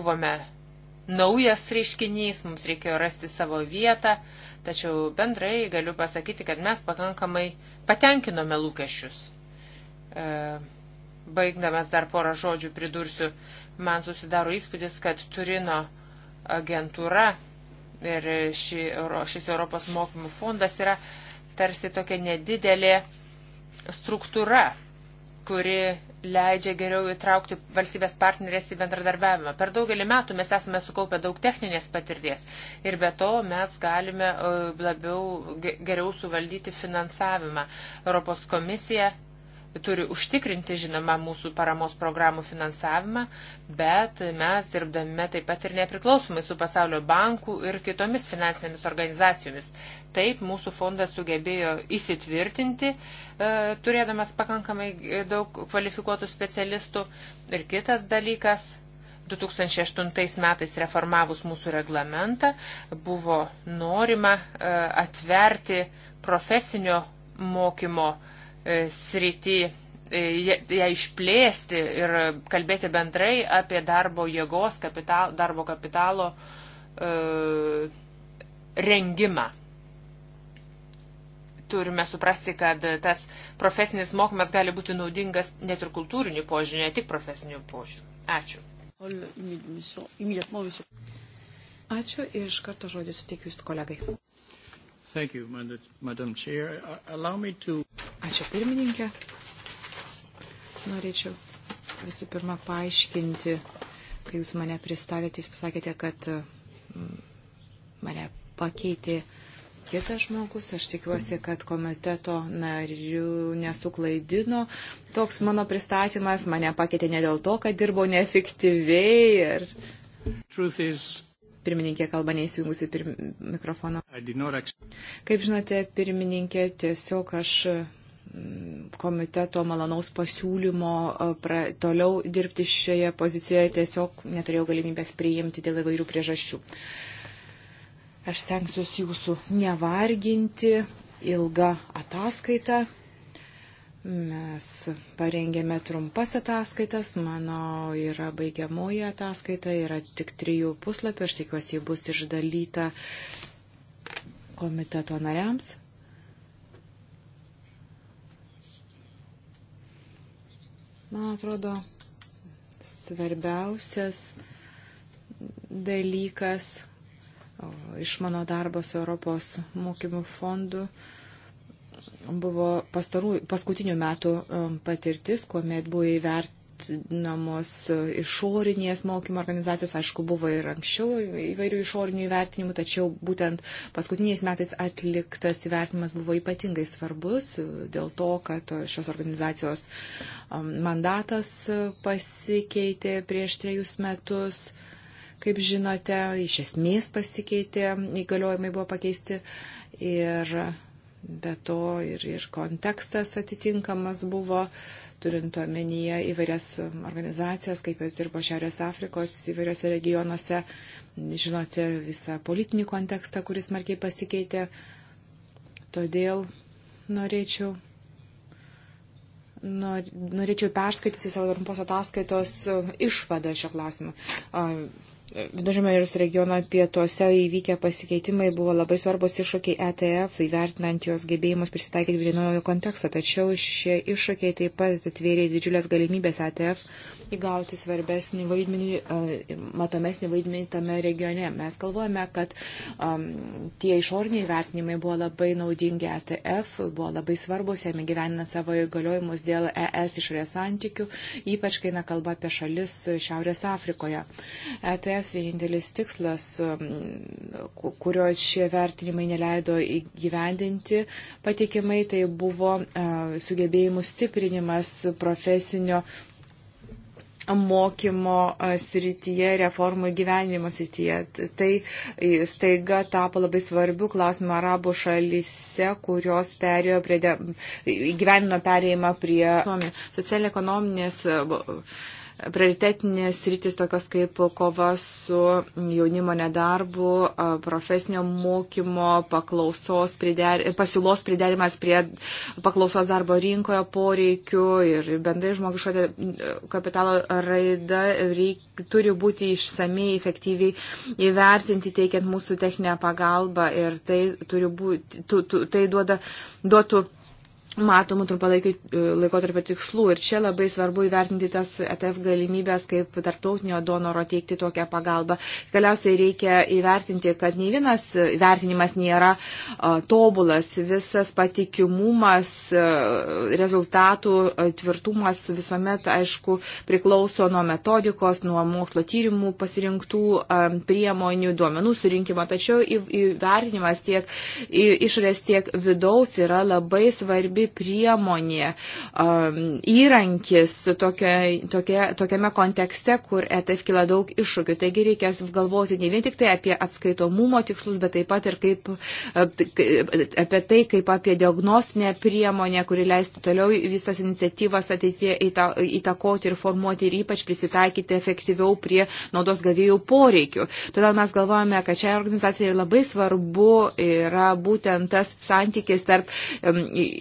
buvome naujas reiškinys, mums reikėjo rasti savo vietą, tačiau bendrai galiu pasakyti, kad mes pakankamai patenkinome lūkesčius. E, baigdamas dar porą žodžių pridursiu, man susidaro įspūdis, kad Turino agentūra ir ši, šis Europos mokymų fondas yra tarsi tokia nedidelė struktūra kuri leidžia geriau įtraukti valstybės partnerės į bendradarbiavimą. Per daugelį metų mes esame sukaupę daug techninės patirties ir be to mes galime e, labiau geriau suvaldyti finansavimą. Europos komisija turi užtikrinti, žinoma, mūsų paramos programų finansavimą, bet mes dirbdame taip pat ir nepriklausomai su pasaulio banku ir kitomis finansinėmis organizacijomis. Taip, mūsų fondas sugebėjo įsitvirtinti, e, turėdamas pakankamai e, daug kvalifikuotų specialistų. Ir kitas dalykas, 2008 metais reformavus mūsų reglamentą, buvo norima e, atverti profesinio mokymo srity ją išplėsti ir kalbėti bendrai apie darbo jėgos, kapital, darbo kapitalo e, rengimą turime suprasti, kad tas profesinis mokymas gali būti naudingas net ir kultūriniu požiūriu, ne tik profesiniu požiūriu. Ačiū. Ačiū ir iš karto žodį suteikiu jūsų kolegai. Thank you, Madam Chair. Allow me to... Ačiū pirmininkė. Norėčiau visų pirma paaiškinti, kai jūs mane pristatėte, jūs pasakėte, kad mm, mane pakeitė uh, kitas žmogus. Aš tikiuosi, kad komiteto narių nesuklaidino. Toks mano pristatymas mane pakėtė ne dėl to, kad dirbau neefektyviai. Ir... Pirmininkė kalba neįsijungusi pir... mikrofono. Kaip žinote, pirmininkė, tiesiog aš mm, komiteto malonaus pasiūlymo pra, toliau dirbti šioje pozicijoje tiesiog neturėjau galimybės priimti dėl įvairių priežasčių. Uh, Aš stengsiuosi jūsų nevarginti ilgą ataskaitą. Mes parengėme trumpas ataskaitas, mano yra baigiamoji ataskaita, yra tik trijų puslapių, aš tikiuosi, ji bus išdalyta komiteto nariams. Man atrodo, svarbiausias dalykas, iš mano darbo su Europos mokymų fondu buvo pastarų, paskutinių metų um, patirtis, kuomet buvo įvert, vertinamos uh, išorinės mokymo organizacijos, aišku, buvo ir anksčiau įvairių išorinių įvertinimų, tačiau būtent paskutiniais metais atliktas įvertinimas buvo ypatingai svarbus uh, dėl to, kad uh, šios organizacijos um, mandatas pasikeitė prieš trejus metus kaip žinote, iš esmės pasikeitė, įgaliojimai buvo pakeisti ir be to ir, ir kontekstas atitinkamas buvo, turint omenyje įvairias organizacijas, kaip jos dirbo Šiaurės Afrikos įvairiose regionuose, žinote visą politinį kontekstą, kuris markiai pasikeitė. Todėl norėčiau Norėčiau perskaityti savo trumpos ataskaitos išvadą šio klausimu. Viduržėmio ir regiono pietuose įvykę pasikeitimai buvo labai svarbus iššūkiai ETF, įvertinant jos gebėjimus prisitaikyti prie naujo konteksto, tačiau šie iššūkiai taip pat atvėrė didžiulės galimybės ETF įgauti tai svarbesnį vaidmenį, e, matomesnį vaidmenį tame regione. Mes galvojame, kad um, tie išorniai vertinimai buvo labai naudingi ATF, e buvo labai svarbus, jame gyvenina savo įgaliojimus dėl ES išorės santykių, ypač kai na kalba apie šalis Šiaurės Afrikoje. ATF e vienintelis tikslas, kurio šie vertinimai neleido įgyvendinti patikimai, tai buvo uh, sugebėjimų stiprinimas profesinio mokymo srityje, reformų gyvenimo srityje. Tai staiga tapo labai svarbių klausimų arabų šalyse, kurios perėjo prie, de, gyvenino perėjimą prie socialinės ekonominės prioritetinės rytis tokios kaip kova su jaunimo nedarbu, profesinio mokymo, paklausos, prider, pasiūlos priderimas prie paklausos darbo rinkoje poreikių ir bendrai žmogiško kapitalo raida reik, turi būti išsamei, efektyviai įvertinti, teikiant mūsų techninę pagalbą ir tai, būti, tu, tu, tai duoda, duotų matomų trumpalaikių e, laikotarpio tikslų. Ir čia labai svarbu įvertinti tas ETF galimybės, kaip tarptautinio donoro teikti tokią pagalbą. Galiausiai reikia įvertinti, kad nei vienas vertinimas nėra e, tobulas. Visas patikimumas, e, rezultatų tvirtumas visuomet, aišku, priklauso nuo metodikos, nuo mokslo tyrimų pasirinktų priemonių, duomenų surinkimo. Tačiau įvertinimas tiek išorės, tiek vidaus yra labai svarbi svarbi priemonė, um, įrankis tokia, tokia, tokiame kontekste, kur ETF kila daug iššūkių. Taigi reikės galvoti ne vien tik tai apie atskaitomumo tikslus, bet taip pat ir kaip, apie tai, kaip apie diagnostinę priemonę, kuri leistų toliau visas iniciatyvas ateitie įtakoti ir formuoti ir ypač prisitaikyti efektyviau prie naudos gavėjų poreikių. Todėl mes galvojame, kad šiai organizacijai labai svarbu yra būtent tas santykis tarp um,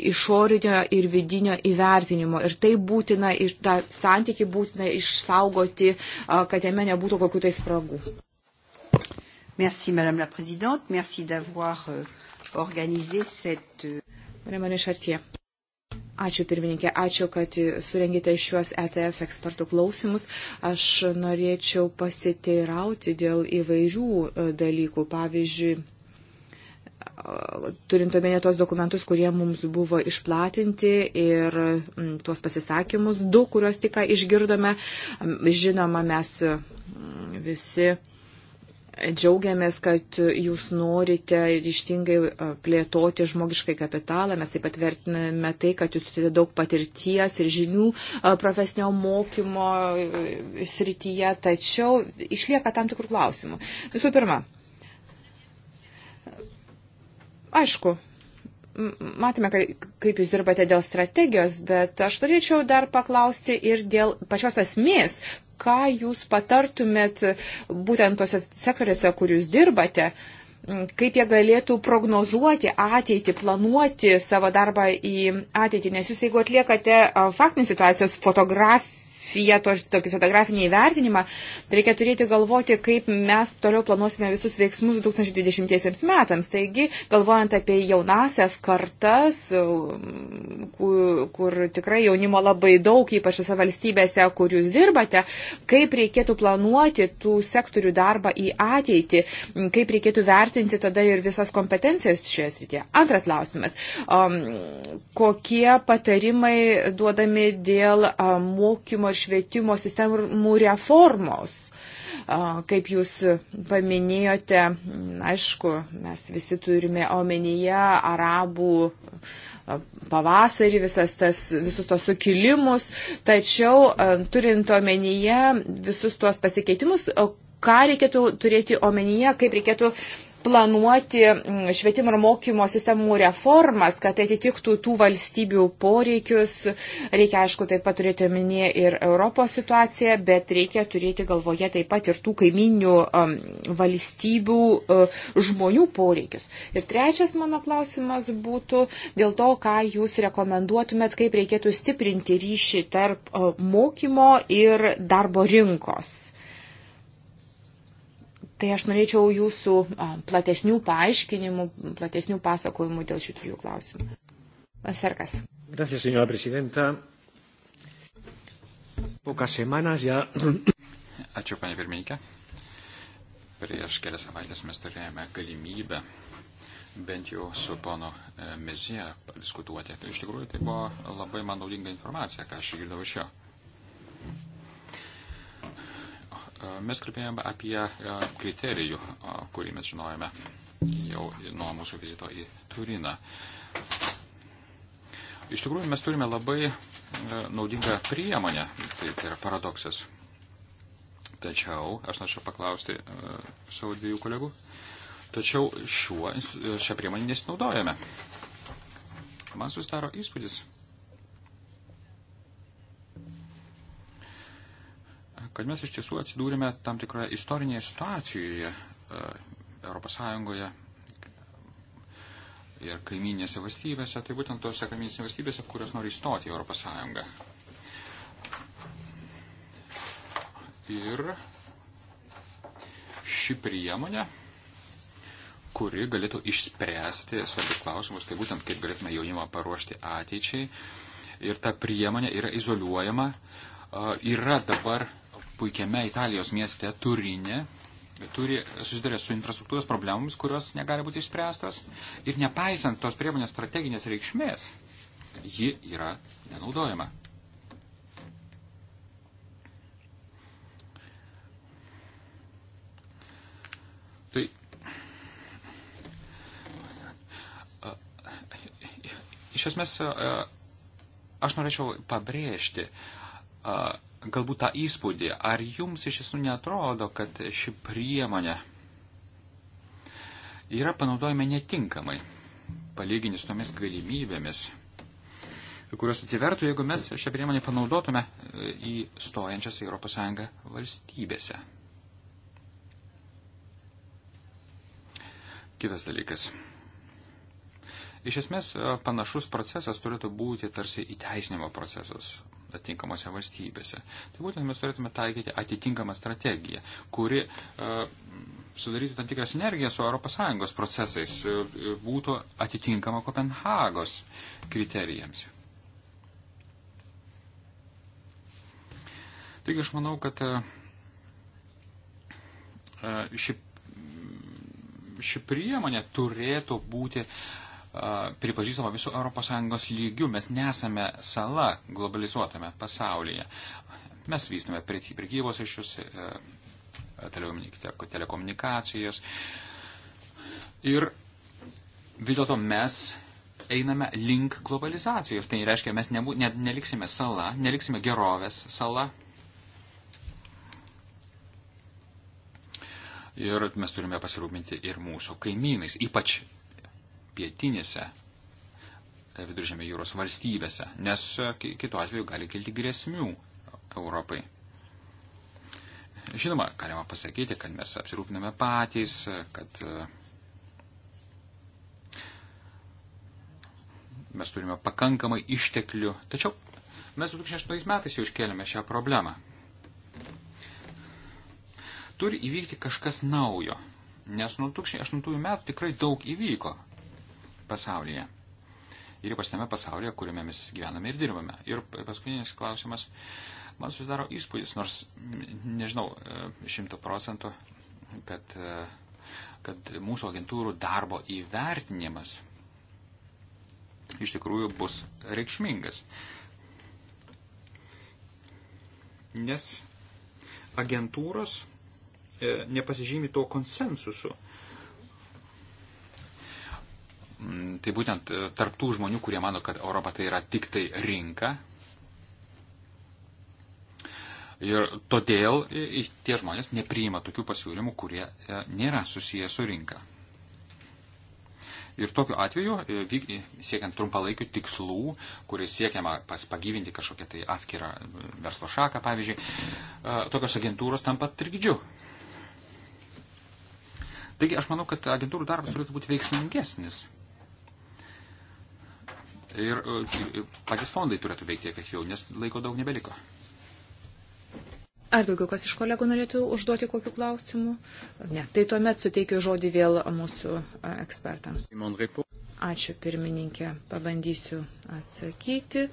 iš išorinio ir vidinio įvertinimo. Ir tai būtina, ir tą santyki būtina išsaugoti, kad jame nebūtų kokių tai spragų. Merci, Madame la Présidente. Merci d'avoir euh, organisé cette. Euh, Madame Chartier. Ačiū pirmininkė, ačiū, kad e, surengėte šiuos ETF ekspertų klausimus. Aš norėčiau pasiteirauti dėl įvairių e, dalykų. Pavyzdžiui, turint omenyje tos dokumentus, kurie mums buvo išplatinti ir mm, tuos pasisakymus, du, kuriuos tik išgirdome, žinoma, mes mm, visi džiaugiamės, kad jūs norite ryštingai e, plėtoti žmogiškai kapitalą. Mes taip pat vertiname tai, kad jūs turite daug patirties ir žinių e, profesinio mokymo e, srityje, tačiau išlieka tam tikrų klausimų. Visų pirma, Aišku, matėme, kaip jūs dirbate dėl strategijos, bet aš norėčiau dar paklausti ir dėl pačios esmės, ką jūs patartumėt būtent tose sektoriuose, kur jūs dirbate, kaip jie galėtų prognozuoti ateitį, planuoti savo darbą į ateitį, nes jūs jeigu atliekate faktinės situacijos fotografiją, vietos, tokį fotografinį įvertinimą, reikia turėti galvoti, kaip mes toliau planuosime visus veiksmus 2020 metams. Taigi, galvojant apie jaunasias kartas, kur, kur tikrai jaunimo labai daug, ypač šiose valstybėse, kur jūs dirbate, kaip reikėtų planuoti tų sektorių darbą į ateitį, kaip reikėtų vertinti tada ir visas kompetencijas šioje srityje. Antras klausimas. Um, kokie patarimai duodami dėl um, mokymo ir švietimo sistemų reformos. Kaip jūs paminėjote, aišku, mes visi turime omenyje arabų pavasarį, visas tas, visus tos sukilimus, tačiau turint omenyje visus tuos pasikeitimus, ką reikėtų turėti omenyje, kaip reikėtų planuoti mm, švietimo ir mokymo sistemų reformas, kad tai atitiktų tų valstybių poreikius. Reikia, aišku, taip pat turėti omenyje ir Europos situaciją, bet reikia turėti galvoje taip pat ir tų kaiminių um, valstybių uh, žmonių poreikius. Ir trečias mano klausimas būtų dėl to, ką jūs rekomenduotumėt, kaip reikėtų stiprinti ryšį tarp uh, mokymo ir darbo rinkos. Tai aš norėčiau jūsų platesnių paaiškinimų, platesnių pasakojimų dėl šių trijų klausimų. Serkas. Gracias, señora presidenta. Pocas semanas ya. Ačiū, panė pirmininkė. Prieš kelias savaitės mes turėjome galimybę bent jau su pono e, Mezija padiskutuoti. Tai iš tikrųjų tai buvo labai man naudinga informacija, ką aš girdau iš jo. Mes kalbėjome apie e, kriterijų, e, kurį mes žinojame jau nuo mūsų vizito į Turiną. Iš tikrųjų, mes turime labai e, naudingą priemonę, tai, tai yra paradoksas. Tačiau, aš norėčiau paklausti savo dviejų kolegų, tačiau šiuo, šią priemonę nesinaudojame. Man susidaro įspūdis, kad mes iš tiesų atsidūrėme tam tikroje istorinėje situacijoje ES ir kaiminėse valstybėse, tai būtent tose kaiminėse valstybėse, kurios nori įstoti į ES. Ir ši priemonė, kuri galėtų išspręsti svarbius klausimus, tai būtent kaip galėtume jaunimą paruošti ateičiai. Ir ta priemonė yra izoliuojama, e, yra dabar puikiame Italijos mieste Turinė turi susidarę su infrastruktūros problemomis, kurios negali būti išspręstos. Ir nepaisant tos priemonės strateginės reikšmės, ji yra nenaudojama. Tai iš esmės aš norėčiau pabrėžti, galbūt tą įspūdį, ar jums iš tiesų netrodo, kad ši priemonė yra panaudojama netinkamai, palyginus tomis galimybėmis, kurios atsivertų, jeigu mes šią priemonę panaudotume e, į stojančias į ES valstybėse. Kitas dalykas. Iš esmės, e, panašus procesas turėtų būti tarsi įteisinimo procesas, atitinkamose valstybėse. Tai būtent mes turėtume taikyti atitinkamą strategiją, kuri e, sudarytų tam tikrą sinergiją su ES procesais, e, būtų atitinkama Kopenhagos kriterijams. Taigi aš manau, kad e, ši, ši priemonė turėtų būti uh, pripažįstama visų ES lygių. Mes nesame sala globalizuotame pasaulyje. Mes vystome prekybos ryšius, e, telekomunikacijas. Ir vis dėlto mes einame link globalizacijos. Tai reiškia, mes nebu, ne, neliksime sala, neliksime gerovės sala. Ir mes turime pasirūpinti ir mūsų kaimynais, ypač pietinėse viduržėmė jūros valstybėse, nes e, kitu atveju gali kilti grėsmių Europai. Žinoma, galima pasakyti, kad mes apsirūpiname patys, e, kad e, mes turime pakankamai išteklių. Tačiau mes 2008 metais jau iškėlėme šią problemą. Turi įvykti kažkas naujo, nes nuo 2008 metų tikrai daug įvyko pasaulyje. Ir ypač tame pasaulyje, kuriame mes gyvename ir dirbame. Ir paskutinis klausimas. Man susidaro įspūdis, nors nežinau e, šimtų procentų, kad, e, kad mūsų agentūrų darbo įvertinimas iš tikrųjų bus reikšmingas. Nes agentūros e, nepasižymi to konsensusu, Mm, tai būtent e, tarptų žmonių, kurie mano, kad Europa tai yra tik tai rinka. Ir todėl tie žmonės nepriima tokių pasiūlymų, kurie e, nėra susiję su rinka. Ir tokiu atveju, e, siekiant trumpalaikių tikslų, kuris siekiama pagyvinti kažkokią tai atskirą verslo šaką, pavyzdžiui, tokios agentūros tampa trikdžiu. Taigi aš manau, kad agentūrų darbas turėtų būti veiksmingesnis. E, ir patys fondai turėtų veikti efektyviau, nes laiko daug nebeliko. Ar daugiau kas iš kolegų norėtų užduoti kokiu klausimu? Ne, tai tuomet suteikiu žodį vėl mūsų e, ekspertams. Ačiū pirmininkė, pabandysiu atsakyti.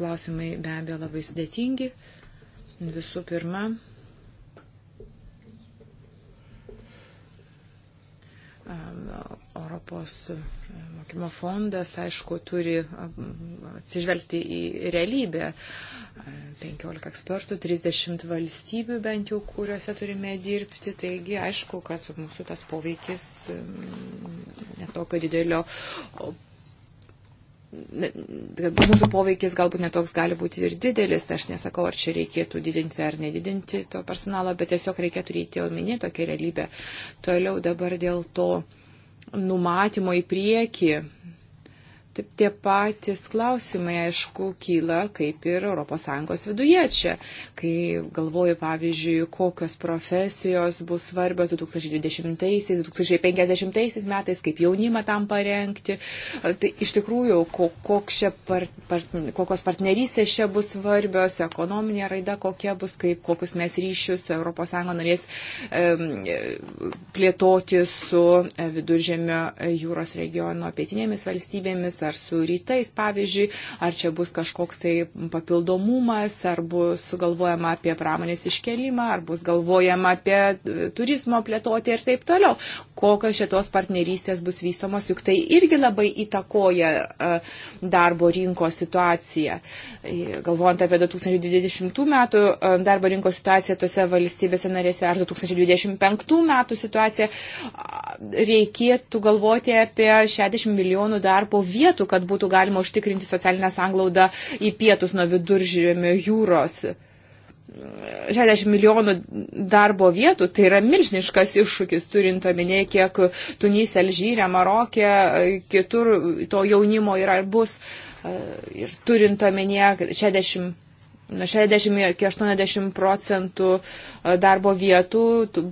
Klausimai be abejo labai sudėtingi. Visų pirma, Europos e, mokymo fondas, aišku, turi atsižvelgti į realybę. 15 e, ekspertų, 30 valstybių bent jau, kuriuose turime dirbti. Taigi, aišku, kad mūsų tas poveikis e, netokio didelio kad mūsų poveikis galbūt netoks gali būti ir didelis, tai aš nesakau, ar čia reikėtų didinti ar nedidinti to personalo, bet tiesiog reikėtų turėti omeny tokią realybę. Toliau dabar dėl to numatymo į priekį, tie patys klausimai, aišku, kyla kaip ir ES viduje čia, kai galvoju, pavyzdžiui, kokios profesijos bus svarbios 2020-2050 metais, kaip jaunimą tam parengti. Tai iš tikrųjų, koks čia par, par, kokios partnerystės čia bus svarbios, ekonominė raida kokia bus, kaip, kokius mes ryšius ES norės um, plėtoti su e, viduržėmio jūros regiono pietinėmis valstybėmis ar su rytais, pavyzdžiui, ar čia bus kažkoks tai papildomumas, ar bus galvojama apie pramonės iškelimą, ar bus galvojama apie e, turizmo plėtoti ir taip toliau. Kokios šitos partnerystės bus vystomos, juk tai irgi labai įtakoja e, darbo rinkos situaciją. E, galvojant apie 2020 metų darbo rinkos situaciją tose valstybėse narėse ar 2025 metų situaciją, reikėtų galvoti apie 60 milijonų darbo vietų vietų, kad būtų galima užtikrinti socialinę sanglaudą į pietus nuo viduržėmio jūros. 60 milijonų darbo vietų, tai yra milžiniškas iššūkis, turint omenyje, kiek Tunys, Alžyrė, Marokė, kitur to jaunimo yra ir bus. Ir turint omenyje 60 60 iki 80 procentų e, darbo vietų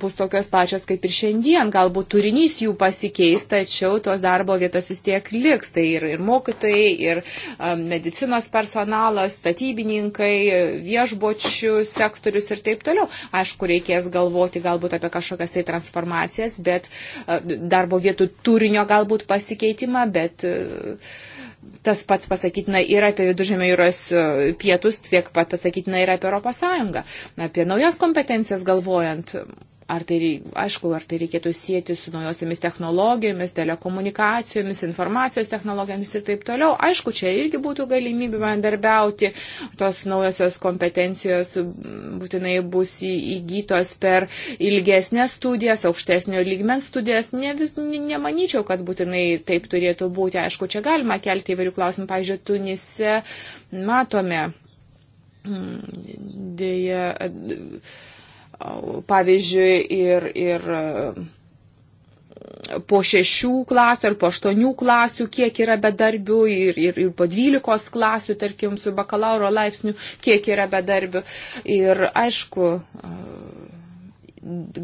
bus tokios pačios kaip ir šiandien. Galbūt turinys jų pasikeis, tačiau tos darbo vietos vis tiek liks. Tai ir, ir mokytojai, ir e, medicinos personalas, statybininkai, viešbočių sektorius ir taip toliau. Aišku, reikės galvoti galbūt apie kažkokias tai transformacijas, bet e, darbo vietų turinio galbūt pasikeitimą, bet. Uh, Tas pats pasakytina ir apie Viduržėmio jūros e, pietus, tiek pat pasakytina ir apie Europos Sąjungą. Apie naujas kompetencijas galvojant, Ar tai, aišku, ar tai reikėtų sieti su naujosiamis technologijomis, telekomunikacijomis, informacijos technologijomis ir taip toliau. Aišku, čia irgi būtų galimybė bendarbiauti. Tos naujosios kompetencijos būtinai bus įgytos per ilgesnės studijas, aukštesnio lygmens studijas. Ne, nemanyčiau, kad būtinai taip turėtų būti. Aišku, čia galima kelti įvairių klausimų. Pavyzdžiui, Tunise matome. Dėja, pavyzdžiui, ir, ir e, po šešių klasių ar po aštuonių klasių, kiek yra bedarbių, ir, ir, ir po dvylikos klasių, tarkim, su bakalauro laipsniu, kiek yra bedarbių. Ir aišku, e,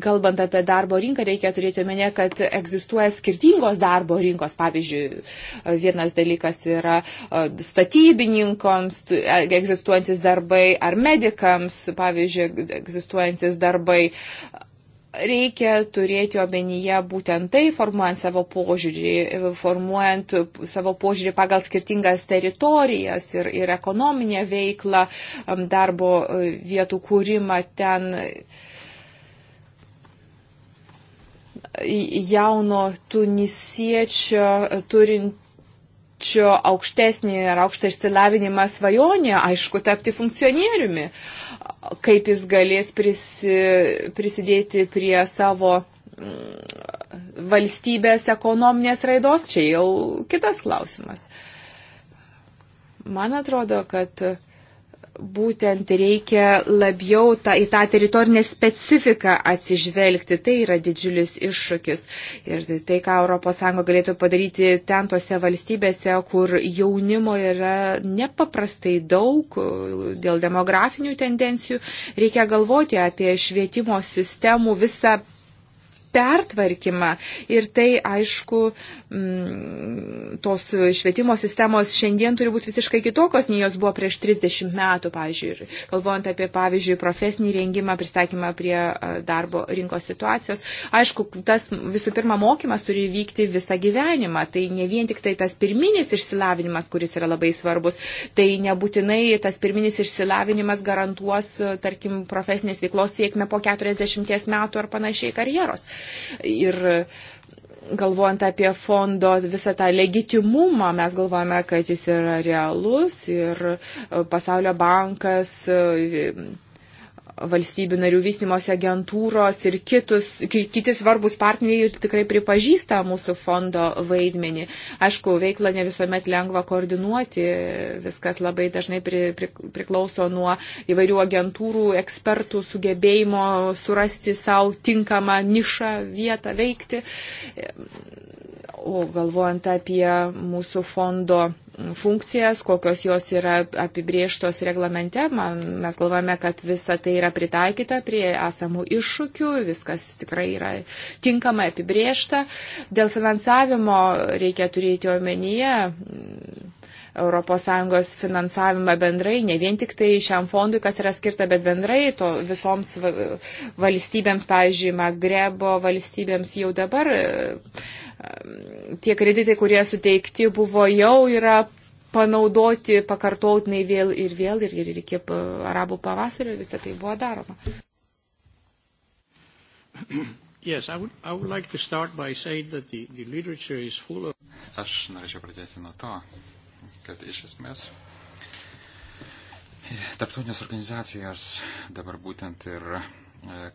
kalbant apie darbo rinką, reikia turėti omenyje, kad egzistuoja skirtingos darbo rinkos. Pavyzdžiui, vienas dalykas yra e, statybininkams e, egzistuojantis darbai ar medikams, pavyzdžiui, egzistuojantis darbai. Reikia turėti omenyje būtent tai, formuojant savo požiūrį, formuojant savo požiūrį pagal skirtingas teritorijas ir, ir ekonominę veiklą, darbo e, vietų kūrimą ten jauno tunisiečio turint turinčio aukštesnį ar aukštą išsilavinimą svajonę, aišku, tapti funkcionieriumi, kaip jis galės prisi, prisidėti prie savo mm, valstybės ekonominės raidos, čia jau kitas klausimas. Man atrodo, kad uh, būtent reikia labiau ta, į tą teritorinę specifiką atsižvelgti. Tai yra didžiulis iššūkis. Ir tai, ką ES galėtų padaryti ten tose valstybėse, kur jaunimo yra nepaprastai daug dėl demografinių tendencijų, reikia galvoti apie švietimo sistemų visą pertvarkymą. Ir tai, aišku, Mm, tos švietimo sistemos šiandien turi būti visiškai kitokios, nei jos buvo prieš 30 metų, pavyzdžiui, ir kalbant apie, pavyzdžiui, profesinį rengimą, pristatymą prie darbo rinkos situacijos. Aišku, tas visų pirma mokymas turi vykti visą gyvenimą, tai ne vien tik tai tas pirminis išsilavinimas, kuris yra labai svarbus, tai nebūtinai tas pirminis išsilavinimas garantuos, tarkim, profesinės veiklos sėkmę po 40 metų ar panašiai karjeros. Ir galvojant apie fondo visą tą legitimumą, mes galvojame, kad jis yra realus ir e, Pasaulio bankas e, valstybių narių vystimosi agentūros ir kitus, kiti svarbus partneriai tikrai pripažįsta mūsų fondo vaidmenį. Aišku, veiklą ne visuomet lengva koordinuoti, viskas labai dažnai pri, pri, priklauso nuo įvairių agentūrų, ekspertų sugebėjimo surasti savo tinkamą nišą, vietą veikti. O galvojant apie mūsų fondo funkcijas, kokios jos yra apibrieštos reglamente. Man, mes galvojame, kad visa tai yra pritaikyta prie esamų iššūkių, viskas tikrai yra tinkamai apibriešta. Dėl finansavimo reikia turėti omenyje ES finansavimą bendrai, ne vien tik tai šiam fondui, kas yra skirta, bet bendrai to visoms valstybėms, pavyzdžiui, Magrebo valstybėms jau dabar e, tie kreditai, kurie suteikti buvo, jau yra panaudoti pakartotinai vėl ir vėl ir, ir iki e, arabų pavasario visą tai buvo daroma. Yes, I would, I would like the, the of... Aš norėčiau pradėti nuo to, kad iš esmės tarptautinės organizacijos dabar būtent ir e,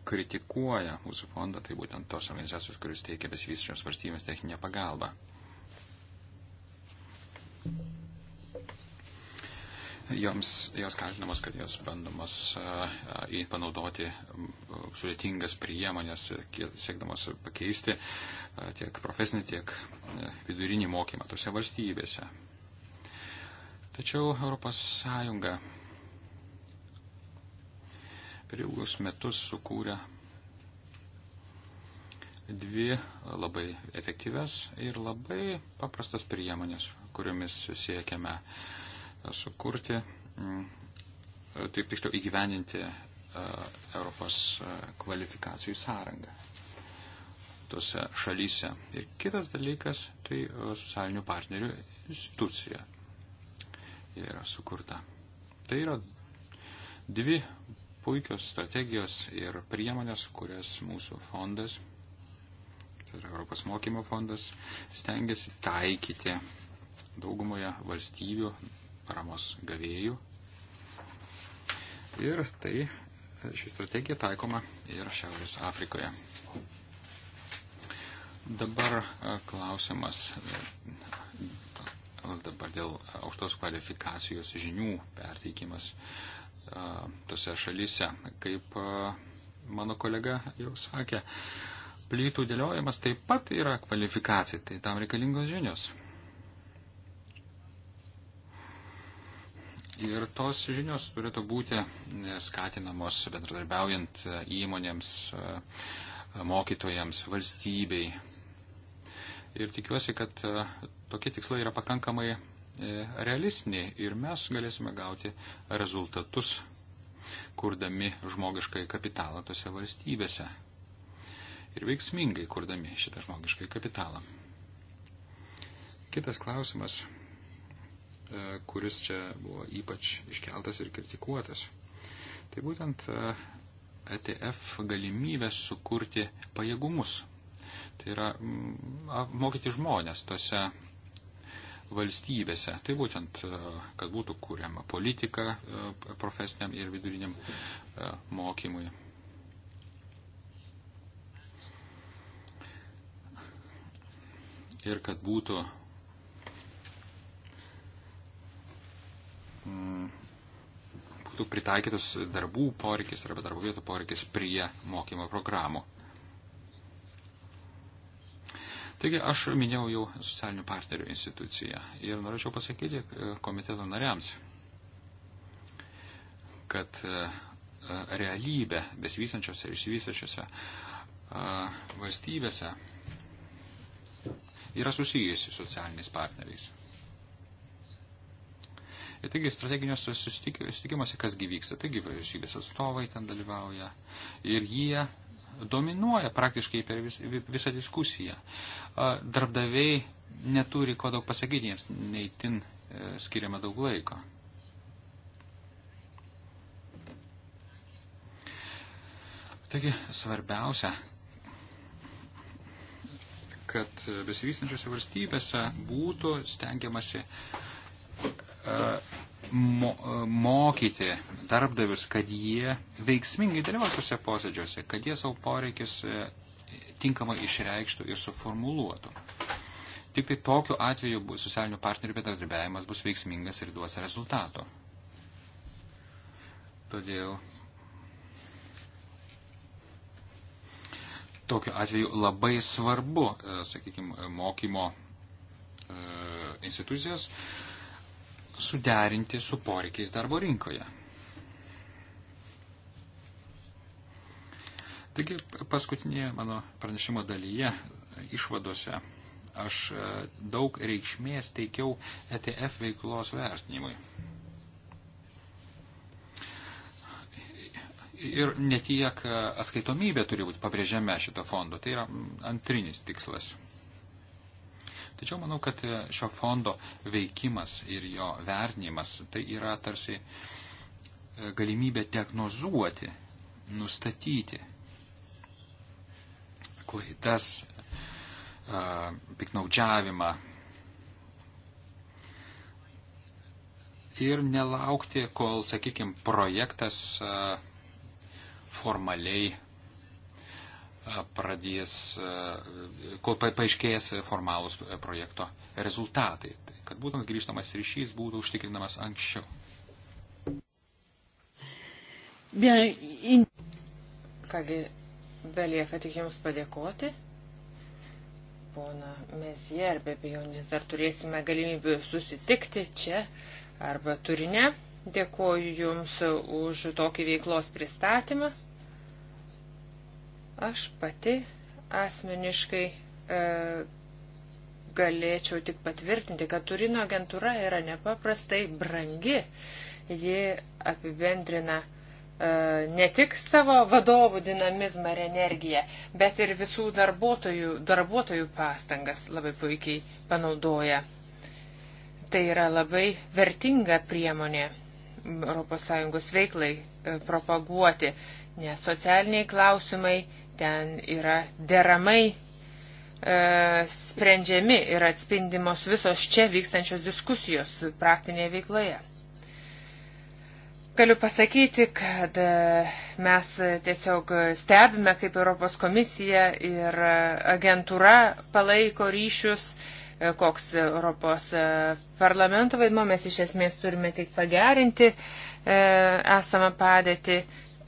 kritikuoja mūsų fondą, tai būtent tos organizacijos, kuris teikia besivystančios valstybės techninę pagalbą. Joms, jos kaltinamos, kad jos bandomas e, panaudoti sudėtingas priemonės, siekdamas pakeisti e, tiek profesinį, tiek vidurinį mokymą tose valstybėse. Tačiau ES per ilgus metus sukūrė dvi labai efektyves ir labai paprastas priemonės, kuriomis siekiame sukurti, mm, taip tiksliau įgyveninti e, Europos e, kvalifikacijų sąrangą tose šalyse. Ir kitas dalykas tai socialinių partnerių institucija yra sukurta. Tai yra dvi puikios strategijos ir priemonės, kurias mūsų fondas, tai yra Europos mokymo fondas, stengiasi taikyti daugumoje valstybių paramos gavėjų. Ir tai ši strategija taikoma ir Šiaurės Afrikoje. Dabar klausimas dabar dėl aukštos kvalifikacijos žinių perteikimas tose šalise. Kaip mano kolega jau sakė, plytų dėliojimas taip pat yra kvalifikacija, tai tam reikalingos žinios. Ir tos žinios turėtų būti e, skatinamos bendradarbiaujant e, įmonėms, e, mokytojams, valstybei, ir tikiuosi, kad e, tokie tikslai yra pakankamai e, realistiniai ir mes galėsime gauti rezultatus, kurdami žmogiškai kapitalą tose valstybėse ir veiksmingai kurdami šitą žmogiškai kapitalą. Kitas klausimas, e, kuris čia buvo ypač iškeltas ir kritikuotas, tai būtent ETF galimybės sukurti pajėgumus Tai yra mm, mokyti žmonės tose valstybėse. Tai būtent, e, kad būtų kūriama politika e, profesiniam ir viduriniam e, mokymui. Ir kad būtų mm, būtų pritaikytos darbų poreikis arba darbo vietų poreikis prie mokymo programų. Taigi aš minėjau jau socialinių partnerių instituciją ir norėčiau pasakyti e, komiteto nariams, kad e, e, realybė besivysančiose ir išsivysančiose valstybėse yra susijusi socialiniais partneriais. Ir taigi strateginiuose susitikimuose kas gyvyksta, taigi vyriausybės atstovai ten dalyvauja ir jie dominuoja praktiškai per vis, visą diskusiją. Darbdaviai neturi ko daug pasakyti, jiems neįtin e, skiriama daug laiko. Taigi svarbiausia, kad besivystančiose valstybėse būtų stengiamasi uh, mo e, mokyti darbdavius, kad jie veiksmingai dalyvautų tose posėdžiuose, kad jie savo poreikis e, tinkamai išreikštų ir suformuluotų. Tik tai tokiu atveju socialinių partnerių bendradarbiavimas bus veiksmingas ir duos rezultato. Todėl tokiu atveju labai svarbu, e, sakykime, mokymo institucijas suderinti su poreikiais darbo rinkoje. Taigi paskutinėje mano pranešimo dalyje išvadose aš e, daug reikšmės teikiau ETF veiklos vertinimui. Ir ne tiek e, atskaitomybė turi būti pabrėžiama šito fondo, tai yra antrinis tikslas. Tačiau manau, kad e, šio fondo veikimas ir jo vertinimas tai yra tarsi e, galimybė diagnozuoti, nustatyti klaidas, e, piknaudžiavimą ir nelaukti, kol, sakykime, projektas formaliai pradės, e, kol paaiškės formalus projekto rezultatai, tai kad būtent grįžtamas ryšys būtų užtikrinamas anksčiau. Bien, in... Kągi, belieka tik Jums padėkoti. Pona Mezier, be abejonės dar turėsime galimybių susitikti čia arba turine. Dėkuoju Jums už tokį veiklos pristatymą. Aš pati asmeniškai e, galėčiau tik patvirtinti, kad Turino agentūra yra nepaprastai brangi. Ji apibendrina e, ne tik savo vadovų dinamizmą ir energiją, bet ir visų darbuotojų, darbuotojų pastangas labai puikiai panaudoja. Tai yra labai vertinga priemonė ES veiklai e, propaguoti, nes socialiniai klausimai ten yra deramai e, sprendžiami ir atspindimos visos čia vykstančios diskusijos praktinėje veikloje. Galiu pasakyti, kad e, mes tiesiog stebime, kaip Europos komisija ir agentūra palaiko ryšius, e, koks Europos e, parlamento vaidmo mes iš esmės turime tik pagerinti esamą padėtį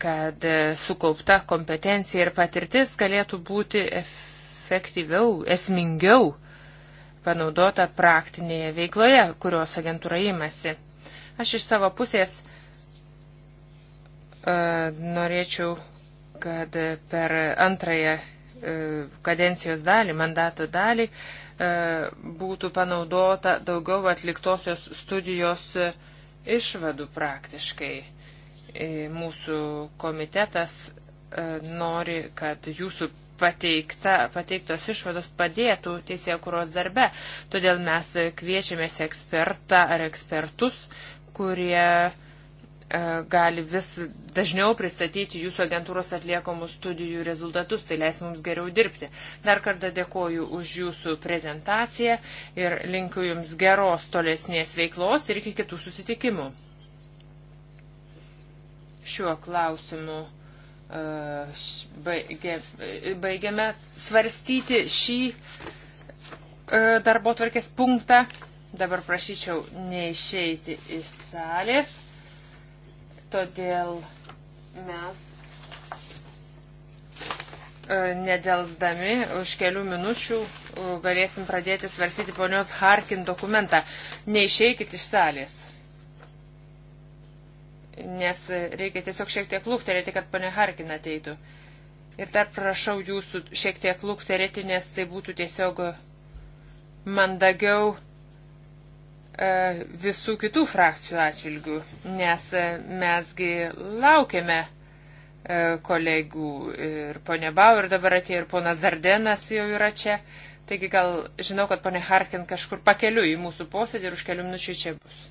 kad e, sukaupta kompetencija ir patirtis galėtų būti efektyviau, esmingiau panaudota praktinėje veikloje, kurios agentūra įmasi. Aš iš savo pusės e, norėčiau, kad per antrąją e, kadencijos dalį, mandato dalį, e, būtų panaudota daugiau atliktosios studijos e, išvadų praktiškai. E, E, mūsų komitetas e, nori, kad jūsų pateikta, pateiktos išvados padėtų teisėjų kuros darbe. Todėl mes kviečiamės ekspertą ar ekspertus, kurie e, gali vis dažniau pristatyti jūsų agentūros atliekamų studijų rezultatus, tai leis mums geriau dirbti. Dar kartą dėkoju už jūsų prezentaciją ir linkiu jums geros tolesnės veiklos ir iki kitų susitikimų šiuo klausimu e, e, baigiame svarstyti šį e, darbo tvarkės punktą. Dabar prašyčiau neišeiti iš salės, todėl mes nedelsdami už kelių minučių galėsim pradėti svarstyti ponios Harkin dokumentą. Neišeikit iš salės nes reikia tiesiog šiek tiek lūkterėti, kad ponė Harkina ateitų. Ir dar prašau jūsų šiek tiek lūkterėti, nes tai būtų tiesiog mandagiau e, visų kitų frakcijų atžvilgių, nes e, mesgi laukiame e, kolegų ir ponė Bauer dabar atėjo ir ponas Zardenas jau yra čia. Taigi gal žinau, kad ponė Harkin kažkur pakeliu į mūsų posėdį ir už kelių minučių čia bus.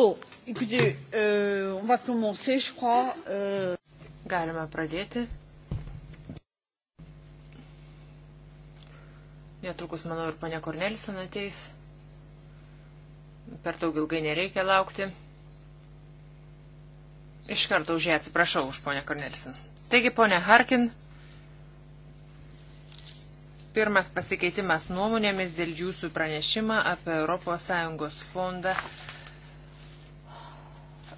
Bon, écoutez, euh, on va commencer, je crois. Euh... Galime pradėti. Netrukus, manau, ir ponia Kornelison ateis. Per daug ilgai nereikia laukti. Iš karto už ją atsiprašau, už ponę Kornelison. Taigi, ponė Harkin, pirmas pasikeitimas nuomonėmis dėl jūsų pranešimą apie ES fondą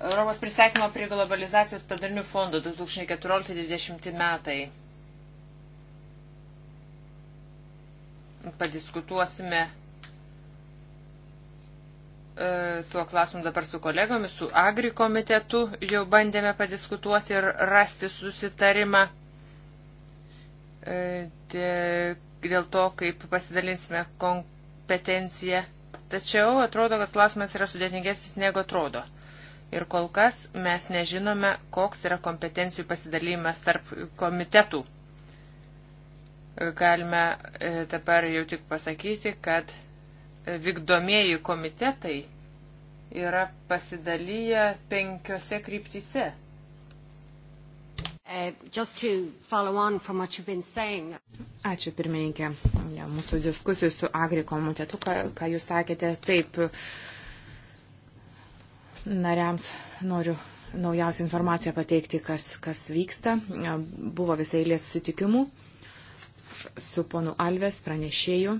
Europos pristaikymo prie globalizacijos padarinių fondo 2014-2020 metai. Padiskutuosime e, tuo klausimu dabar su kolegomis, su Agri komitetu jau bandėme padiskutuoti ir rasti susitarimą e, dėl to, kaip pasidalinsime kompetenciją. Tačiau atrodo, kad klausimas yra sudėtingesnis negu atrodo. Ir kol kas mes nežinome, koks yra kompetencijų pasidalymas tarp komitetų. Galime e, dabar jau tik pasakyti, kad vykdomieji komitetai yra pasidalyję penkiose kryptise. Uh, Ačiū pirmininkė. Mūsų diskusijų su Agri komitetu, ką, ką jūs sakėte, taip, nariams noriu naujausią informaciją pateikti, kas, kas vyksta. Buvo visai eilės susitikimų su ponu Alves pranešėju,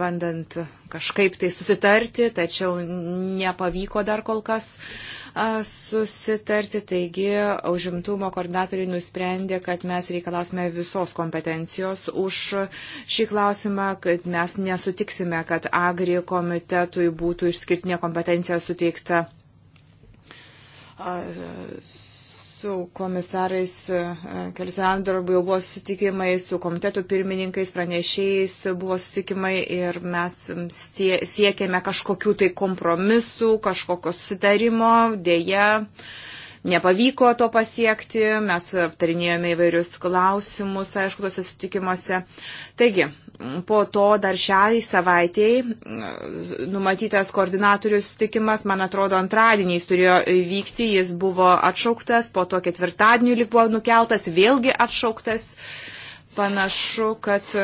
bandant kažkaip tai susitarti, tačiau nepavyko dar kol kas susitarti. Taigi, užimtumo koordinatoriai nusprendė, kad mes reikalausime visos kompetencijos už šį klausimą, kad mes nesutiksime, kad agri komitetui būtų išskirtinė kompetencija suteikta su komisarais e, Kelisandarbu jau buvo sutikimai, su komitetų pirmininkais, pranešėjais buvo sutikimai ir mes siekėme kažkokių tai kompromisų, kažkokio sutarimo, dėja. Uh, nepavyko to pasiekti, mes aptarinėjome įvairius klausimus, aišku, tose sutikimuose. Taigi, po to dar šiai savaitėjai mm, numatytas koordinatorių sutikimas, man atrodo, antradienį jis turėjo vykti, jis buvo atšauktas, po to ketvirtadienį lyg buvo nukeltas, vėlgi atšauktas. Panašu, kad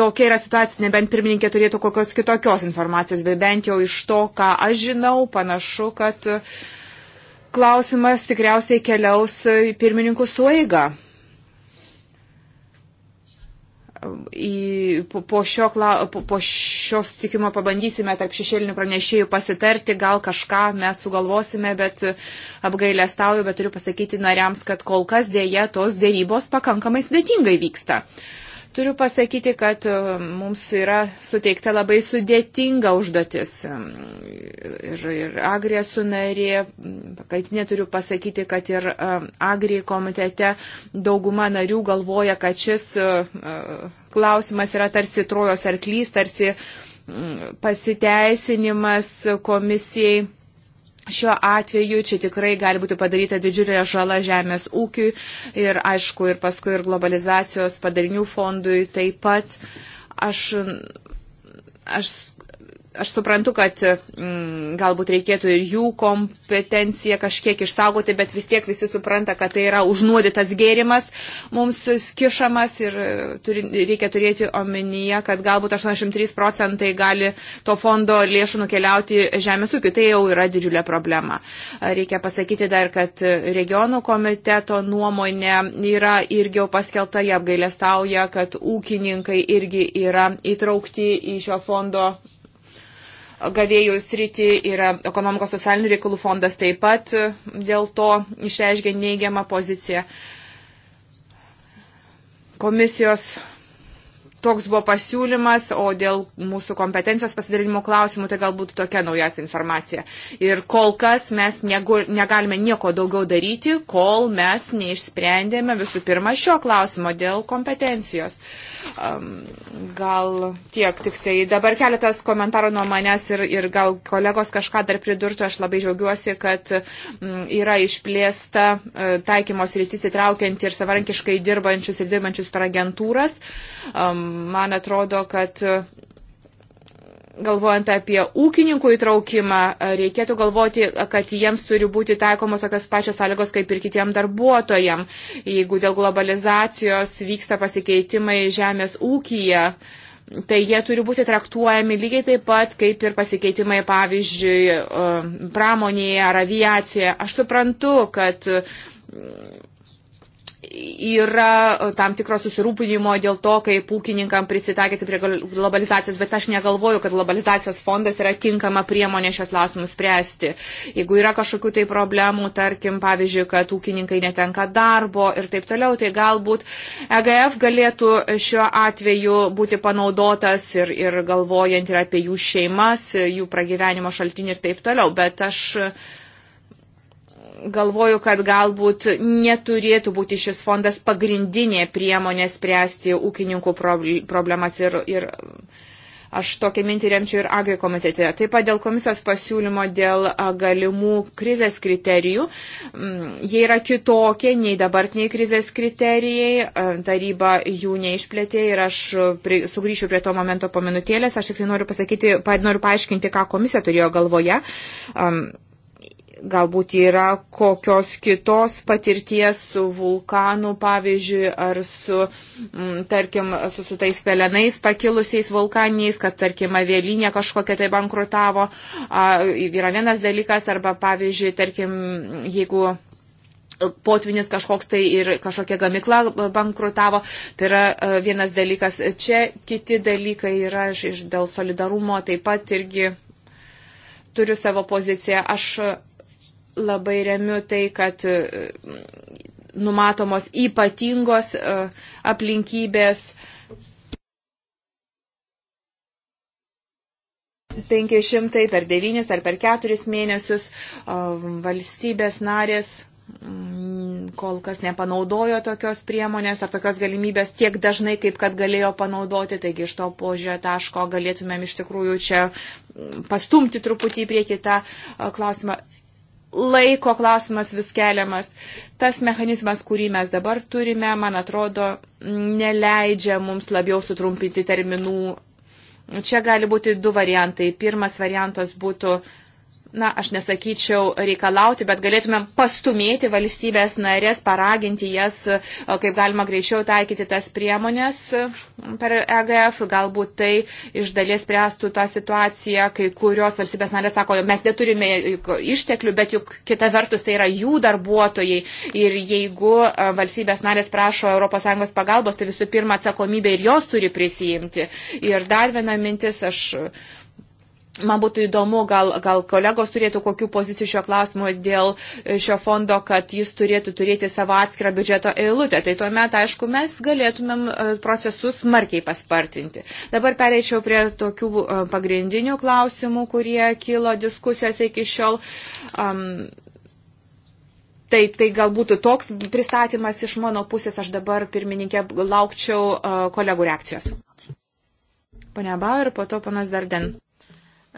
tokia yra situacija, nebent pirmininkė turėtų kokios kitokios informacijos, bet bent jau iš to, ką aš žinau, panašu, kad klausimas tikriausiai keliaus į pirmininkų sueigą. Į, po, šio, po šio sutikimo pabandysime tarp šešėlinių pranešėjų pasitarti, gal kažką mes sugalvosime, bet apgailę stauju, bet turiu pasakyti nariams, kad kol kas dėja tos dėrybos pakankamai sudėtingai vyksta. Uh, Turiu pasakyti, kad e, mums yra suteikta labai sudėtinga užduotis. Ir, ir Agrija sunarė, kad neturiu pasakyti, kad ir e, Agrija komitete dauguma narių galvoja, kad šis e, klausimas yra tarsi trojos arklys, tarsi pasiteisinimas komisijai Šiuo atveju čia tikrai gali būti padaryta didžiulė žala žemės ūkiui ir aišku ir paskui ir globalizacijos padarinių fondui taip pat. Aš, aš Aš suprantu, kad mm, galbūt reikėtų ir jų kompetenciją kažkiek išsaugoti, bet vis tiek visi supranta, kad tai yra užnuodytas gėrimas, mums kišamas ir e, turi, reikia turėti omenyje, kad galbūt 83 procentai gali to fondo lėšų nukeliauti žemės ūkiu. Tai jau yra didžiulė problema. Reikia pasakyti dar, kad regionų komiteto nuomonė yra irgi jau paskelbta, jie apgailestauja, kad ūkininkai irgi yra įtraukti į šio fondo gavėjų sritį yra ekonomikos socialinių reikalų fondas taip pat dėl to išreiškė neigiamą poziciją. Komisijos toks buvo pasiūlymas, o dėl mūsų kompetencijos pasidalinimo klausimų tai galbūt tokia naujas informacija. Ir kol kas mes negu, negalime nieko daugiau daryti, kol mes neišsprendėme visų pirma šio klausimo dėl kompetencijos. Um, gal tiek tik tai. Dabar keletas komentarų nuo manęs ir, ir gal kolegos kažką dar pridurtų. Aš labai džiaugiuosi, kad m, mm, yra išplėsta e, taikymos rytis įtraukiant ir savarankiškai dirbančius ir dirbančius per agentūras. Um, Man atrodo, kad e, galvojant apie ūkininkų įtraukimą, e, reikėtų galvoti, kad jiems turi būti taikomos tokios pačios sąlygos kaip ir kitiem darbuotojam. Jeigu dėl globalizacijos vyksta pasikeitimai žemės ūkyje, tai jie turi būti traktuojami lygiai taip pat, kaip ir pasikeitimai, pavyzdžiui, e, pramonėje ar aviacijoje. Aš suprantu, kad yra e, tam tikro susirūpinimo dėl to, kaip ūkininkam prisitaikyti prie globalizacijos, bet aš negalvoju, kad globalizacijos fondas yra tinkama priemonė šios klausimus spręsti. Jeigu yra kažkokių tai problemų, tarkim, pavyzdžiui, kad ūkininkai netenka darbo ir taip toliau, tai galbūt EGF galėtų šiuo atveju būti panaudotas ir, ir galvojant ir apie jų šeimas, jų pragyvenimo šaltinį ir taip toliau. Bet aš galvoju, kad galbūt neturėtų būti šis fondas pagrindinė priemonė spręsti ūkininkų problemas ir, ir aš tokią mintį remčiau ir agri komitete. Taip pat dėl komisijos pasiūlymo dėl galimų krizės kriterijų. Jie yra kitokie nei dabartiniai krizės kriterijai. Taryba jų neišplėtė ir aš prie, sugrįšiu prie to momento po minutėlės. Aš tikrai noriu pasakyti, noriu paaiškinti, ką komisija turėjo galvoje. Um, galbūt yra kokios kitos patirties su vulkanu, pavyzdžiui, ar su, m, mm, tarkim, su, su tais pelenais pakilusiais vulkaniais, kad, tarkim, avėlinė kažkokia tai bankrutavo, a, yra vienas dalykas, arba, pavyzdžiui, tarkim, jeigu potvinis kažkoks tai ir kažkokia gamikla bankrutavo. Tai yra e, vienas dalykas. Čia kiti dalykai yra iš, iš dėl solidarumo taip pat irgi turiu savo poziciją. Aš Labai remiu tai, kad e, numatomos ypatingos e, aplinkybės 500 per 9 ar per 4 mėnesius e, valstybės narės mm, kol kas nepanaudojo tokios priemonės ar tokios galimybės tiek dažnai, kaip kad galėjo panaudoti. Taigi iš to požiūrio taško galėtumėm iš tikrųjų čia pastumti truputį į priekį tą klausimą laiko klausimas vis keliamas. Tas mechanizmas, kurį mes dabar turime, man atrodo, neleidžia mums labiau sutrumpinti terminų. Čia gali būti du variantai. Pirmas variantas būtų uh, na, aš nesakyčiau reikalauti, bet galėtumėm pastumėti valstybės narės, paraginti jas, e, kaip galima greičiau taikyti tas priemonės e, per EGF, galbūt tai iš dalies spręstų tą situaciją, kai kurios valstybės narės sako, mes neturime išteklių, bet juk kita vertus tai yra jų darbuotojai ir jeigu e, valstybės narės prašo ES pagalbos, tai visų pirma atsakomybė ir jos turi prisijimti. Ir dar viena mintis, aš Man būtų įdomu, gal, gal kolegos turėtų kokių pozicijų šio klausimu dėl e, šio fondo, kad jis turėtų turėti savo atskirą biudžeto eilutę. Tai tuomet, aišku, mes galėtumėm e, procesus smarkiai paspartinti. Dabar pereičiau prie tokių e, pagrindinių klausimų, kurie kilo diskusijose iki šiol. Um, Tai, tai galbūt toks pristatymas iš mano pusės, aš dabar pirmininkė laukčiau uh, kolegų reakcijos. Pane Bauer, po to panas Darden.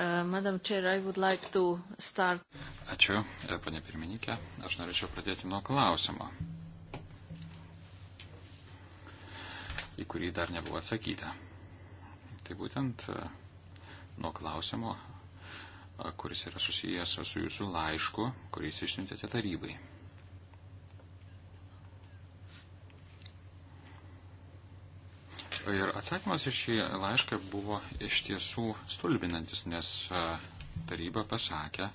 Uh, Madam Chair, I would like to start. Ačiū, e, panė pirmininkė. Aš norėčiau pradėti nuo klausimo, į kurį dar nebuvo atsakyta. Tai būtent e, nuo klausimo, e, kuris yra susijęs su jūsų laišku, kuris išsiuntėte tarybai. Ir atsakymas iš šį laišką buvo iš tiesų stulbinantis, nes e, taryba pasakė,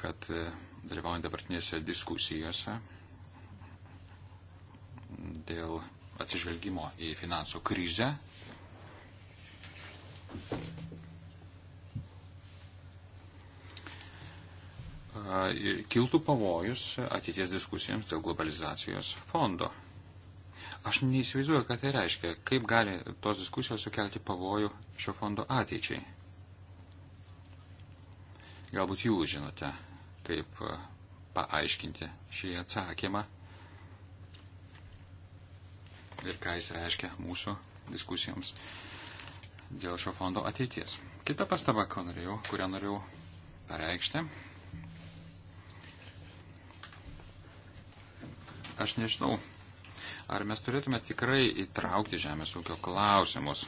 kad e, dalyvaujant dabartinėse diskusijose dėl atsižvelgimo į finansų krizę, e, kiltų pavojus ateities diskusijoms dėl globalizacijos fondo Aš neįsivaizduoju, ką tai reiškia, kaip gali tos diskusijos sukelti pavojų šio fondo ateičiai. Galbūt jūs žinote, kaip e, paaiškinti šį atsakymą ir ką jis reiškia mūsų diskusijoms dėl šio fondo ateities. Kita pastaba, norėjau, kurią norėjau pareikšti. Aš nežinau, Ar mes turėtume tikrai įtraukti žemės ūkio klausimus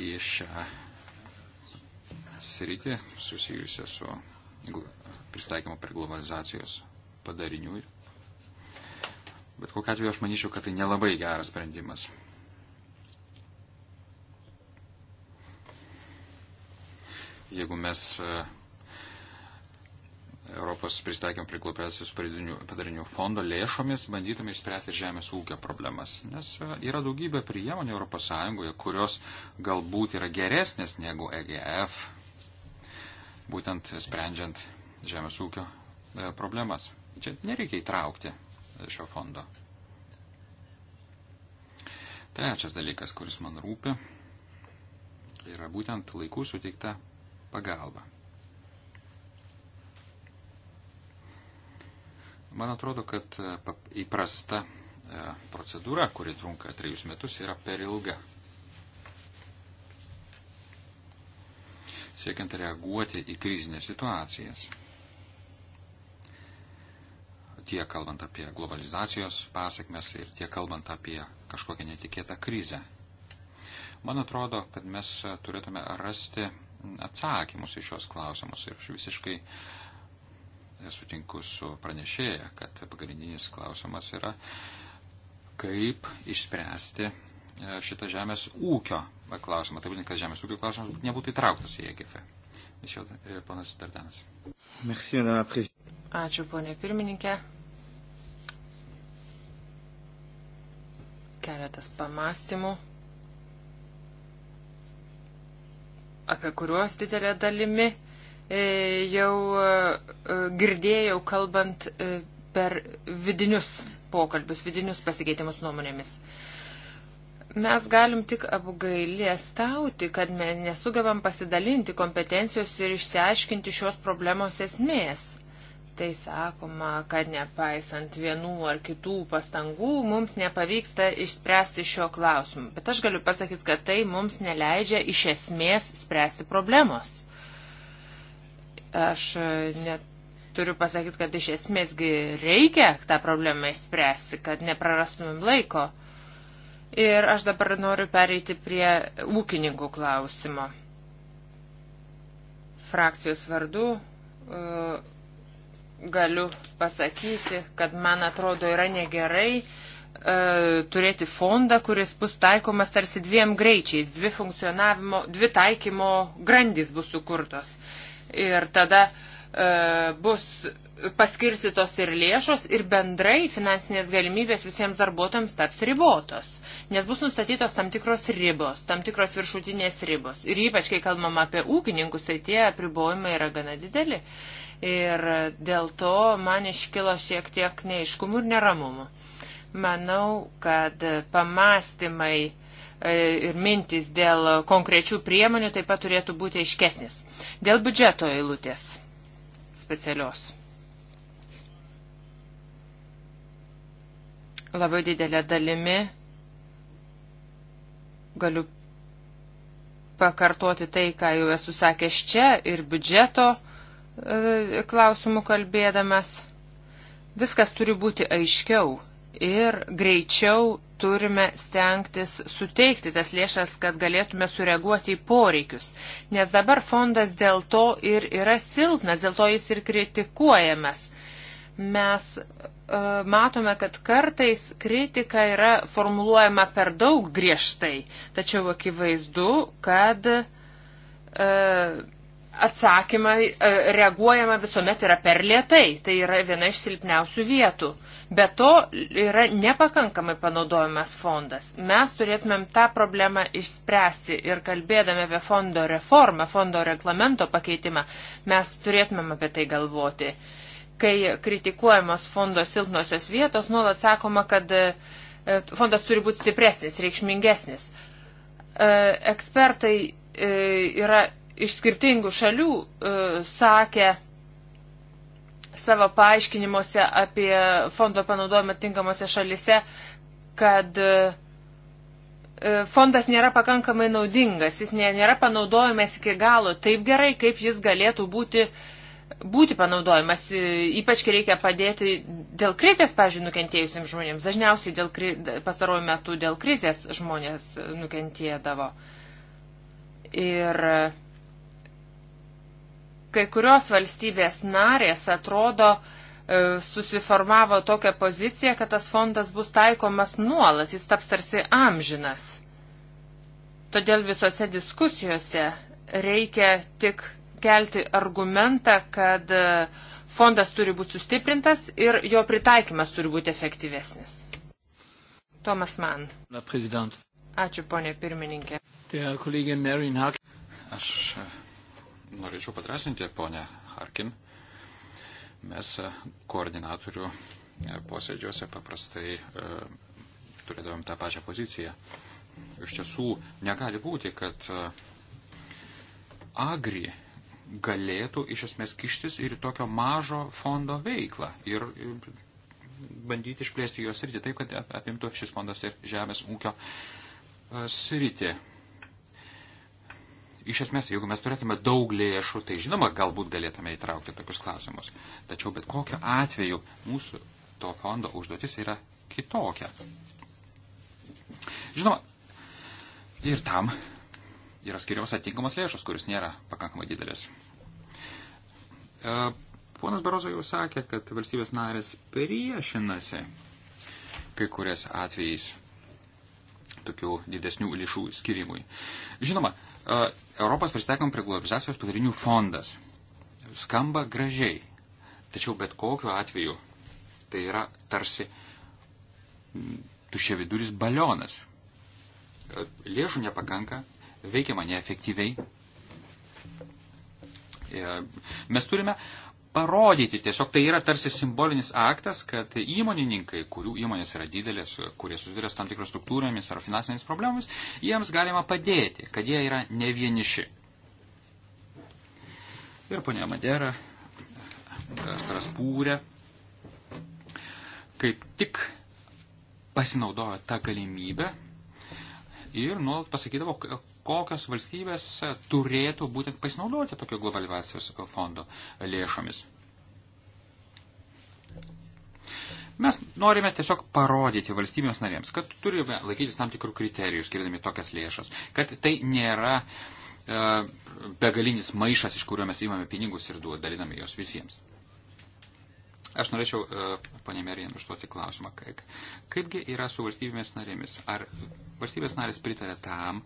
į šią sritį susijusią su pristaikymo prie globalizacijos padarinių. Bet kokiu atveju aš manyčiau, kad tai nelabai geras sprendimas. Jeigu mes Europos pristaikymų priklupėsius padarinių fondo lėšomis bandytume išspręsti žemės ūkio problemas. Nes e, yra daugybė priemonių ES, kurios galbūt yra geresnės negu EGF, būtent sprendžiant žemės ūkio e, problemas. Čia nereikia įtraukti e, šio fondo. Trečias dalykas, kuris man rūpi, yra būtent laikų suteikta pagalba. Man atrodo, kad e, įprasta e, procedūra, kuri trunka trejus metus, yra per ilga. Siekiant reaguoti į krizinės situacijas. Tiek kalbant apie globalizacijos pasiekmes ir tiek kalbant apie kažkokią netikėtą krizę. Man atrodo, kad mes turėtume rasti atsakymus į šios klausimus ir aš visiškai uh, sutinku su pranešėja, kad pagrindinis klausimas yra, kaip išspręsti e, šitą žemės ūkio klausimą. Tai būtent, kad žemės ūkio klausimas nebūtų įtrauktas į EGF. Iš jau e, ponas Dardanas. Ačiū, ponė pirmininkė. Keletas pamastymų, apie kuriuos didelė dalimi E, jau e, girdėjau kalbant e, per vidinius pokalbius, vidinius pasikeitimus nuomonėmis. Mes galim tik apgailėstauti, kad mes nesugebam pasidalinti kompetencijos ir išsiaiškinti šios problemos esmės. Tai sakoma, kad nepaisant vienų ar kitų pastangų, mums nepavyksta išspręsti šio klausimo. Bet aš galiu pasakyti, kad tai mums neleidžia iš esmės spręsti problemos Aš e, net turiu pasakyti, kad iš esmėsgi reikia tą problemą išspręsti, kad neprarastumėm laiko. Ir aš dabar noriu pereiti prie ūkininkų klausimo. Frakcijos vardu e, galiu pasakyti, kad man atrodo yra negerai e, turėti fondą, kuris bus taikomas tarsi dviem greičiais, dvi funkcionavimo, dvi taikymo grandys bus sukurtos ir tada e, bus paskirstytos ir lėšos ir bendrai finansinės galimybės visiems darbuotojams taps ribotos, nes bus nustatytos tam tikros ribos, tam tikros viršutinės ribos. Ir ypač, kai kalbam apie ūkininkus, tai tie apribojimai yra gana dideli. Ir dėl to man iškilo šiek tiek neiškumų ir neramumų. Manau, kad pamastymai E, ir mintis dėl konkrečių priemonių taip pat turėtų būti aiškesnis. Dėl biudžeto eilutės specialios. Labai didelė dalimi galiu pakartoti tai, ką jau esu sakęs čia ir biudžeto e, klausimų kalbėdamas. Viskas turi būti aiškiau ir greičiau turime stengtis suteikti tas lėšas, kad galėtume sureaguoti į poreikius. Nes dabar fondas dėl to ir yra silpnas, dėl to jis ir kritikuojamas. Mes e, matome, kad kartais kritika yra formuluojama per daug griežtai, tačiau akivaizdu, kad e, atsakymai e, reaguojama visuomet yra per lietai, tai yra viena iš silpniausių vietų. Be to yra nepakankamai panaudojamas fondas. Mes turėtumėm tą problemą išspręsti ir kalbėdami apie fondo reformą, fondo reglamento pakeitimą, mes turėtumėm apie tai galvoti. Kai kritikuojamos fondo silpnosios vietos, nuolat sakoma, kad e, fondas turi būti stipresnis, reikšmingesnis. E, ekspertai yra iš skirtingų šalių e, sakė savo paaiškinimuose apie fondo panaudojimą tinkamose šalise, kad e, e, fondas nėra pakankamai naudingas, jis nėra panaudojamas iki galo taip gerai, kaip jis galėtų būti, būti panaudojamas, ypač kai reikia padėti dėl krizės, pažiūrėjau, nukentėjusiems žmonėms. Dažniausiai dėl kri... pastarojų metų dėl krizės žmonės nukentėdavo. Ir Kai kurios valstybės narės atrodo e, susiformavo tokią poziciją, kad tas fondas bus taikomas nuolat, jis taps tarsi amžinas. Todėl visose diskusijose reikia tik kelti argumentą, kad e, fondas turi būti sustiprintas ir jo pritaikymas turi būti efektyvesnis. Tomas Mann. Ačiū, ponė pirmininkė. Aš norėčiau patrasinti ponę Harkin. Mes e, koordinatorių e, posėdžiuose paprastai e, turėdavom tą pačią poziciją. Iš tiesų, negali būti, kad Agri galėtų iš esmės kištis ir tokio mažo fondo veiklą ir bandyti išplėsti jos rytį taip, kad apimtų šis fondas ir žemės ūkio sritį iš esmės, jeigu mes turėtume daug lėšų, tai žinoma, galbūt galėtume įtraukti tokius klausimus. Tačiau bet kokiu atveju mūsų to fondo užduotis yra kitokia. Žinoma, ir tam yra skiriamas atinkamos lėšos, kuris nėra pakankamai didelis. E, ponas Barozo jau sakė, kad valstybės narės priešinasi kai kurias atvejais tokių didesnių lėšų skirimui. Žinoma, Europos pristaikom prie globalizacijos padarinių fondas. Skamba gražiai, tačiau bet kokiu atveju tai yra tarsi tušėviduris balionas. Lėšų nepakanka, veikiama neefektyviai. E, mes turime parodyti. Tiesiog tai yra tarsi simbolinis aktas, kad įmonininkai, kurių įmonės yra didelės, kurie susiduria su tam tikros struktūromis ar finansinėmis problemomis, jiems galima padėti, kad jie yra ne vieniši. Ir ponia Madera, Strasbūrė, kaip tik pasinaudojo tą galimybę ir nuolat pasakydavo, kokios valstybės turėtų būtent pasinaudoti tokio globalizacijos fondo lėšomis. Mes norime tiesiog parodyti valstybėms narėms, kad turime laikytis tam tikrų kriterijų, skirdami tokias lėšas, kad tai nėra e, begalinis maišas, iš kurio mes įmame pinigus ir duodame, daliname juos visiems. Aš norėčiau, e, ponė Merijan, užduoti klausimą, kaip, kaipgi yra su valstybėmis narėmis. Ar valstybės narės pritarė tam,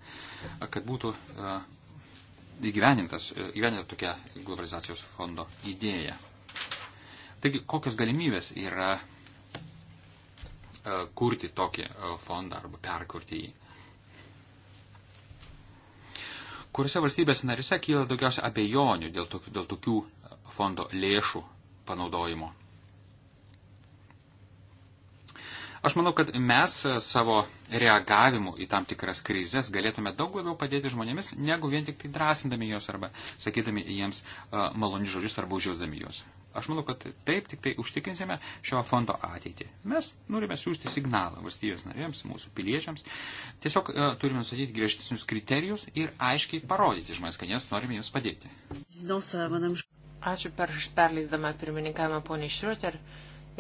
kad būtų e, įgyvenintas, e, įgyveninta tokia globalizacijos fondo idėja? Taigi, kokios galimybės yra kurti tokį fondą arba perkurti jį? Kuriuose valstybės narise kyla daugiausia abejonių dėl tokių, dėl tokių fondo lėšų panaudojimo? Aš manau, kad mes e, savo reagavimu į tam tikras krizės galėtume daug labiau padėti žmonėmis, negu vien tik tai drąsindami juos arba sakydami jiems e, malonius žodžius arba užjausdami juos. Aš manau, kad taip tik tai užtikrinsime šio fondo ateitį. Mes norime siūsti signalą valstybės narėms, mūsų piliečiams. Tiesiog e, turime nusatyti griežtesnius kriterijus ir aiškiai parodyti žmonės, kad mes norime jiems padėti. Ačiū per perleisdama pirmininkavimą poniai Šriuter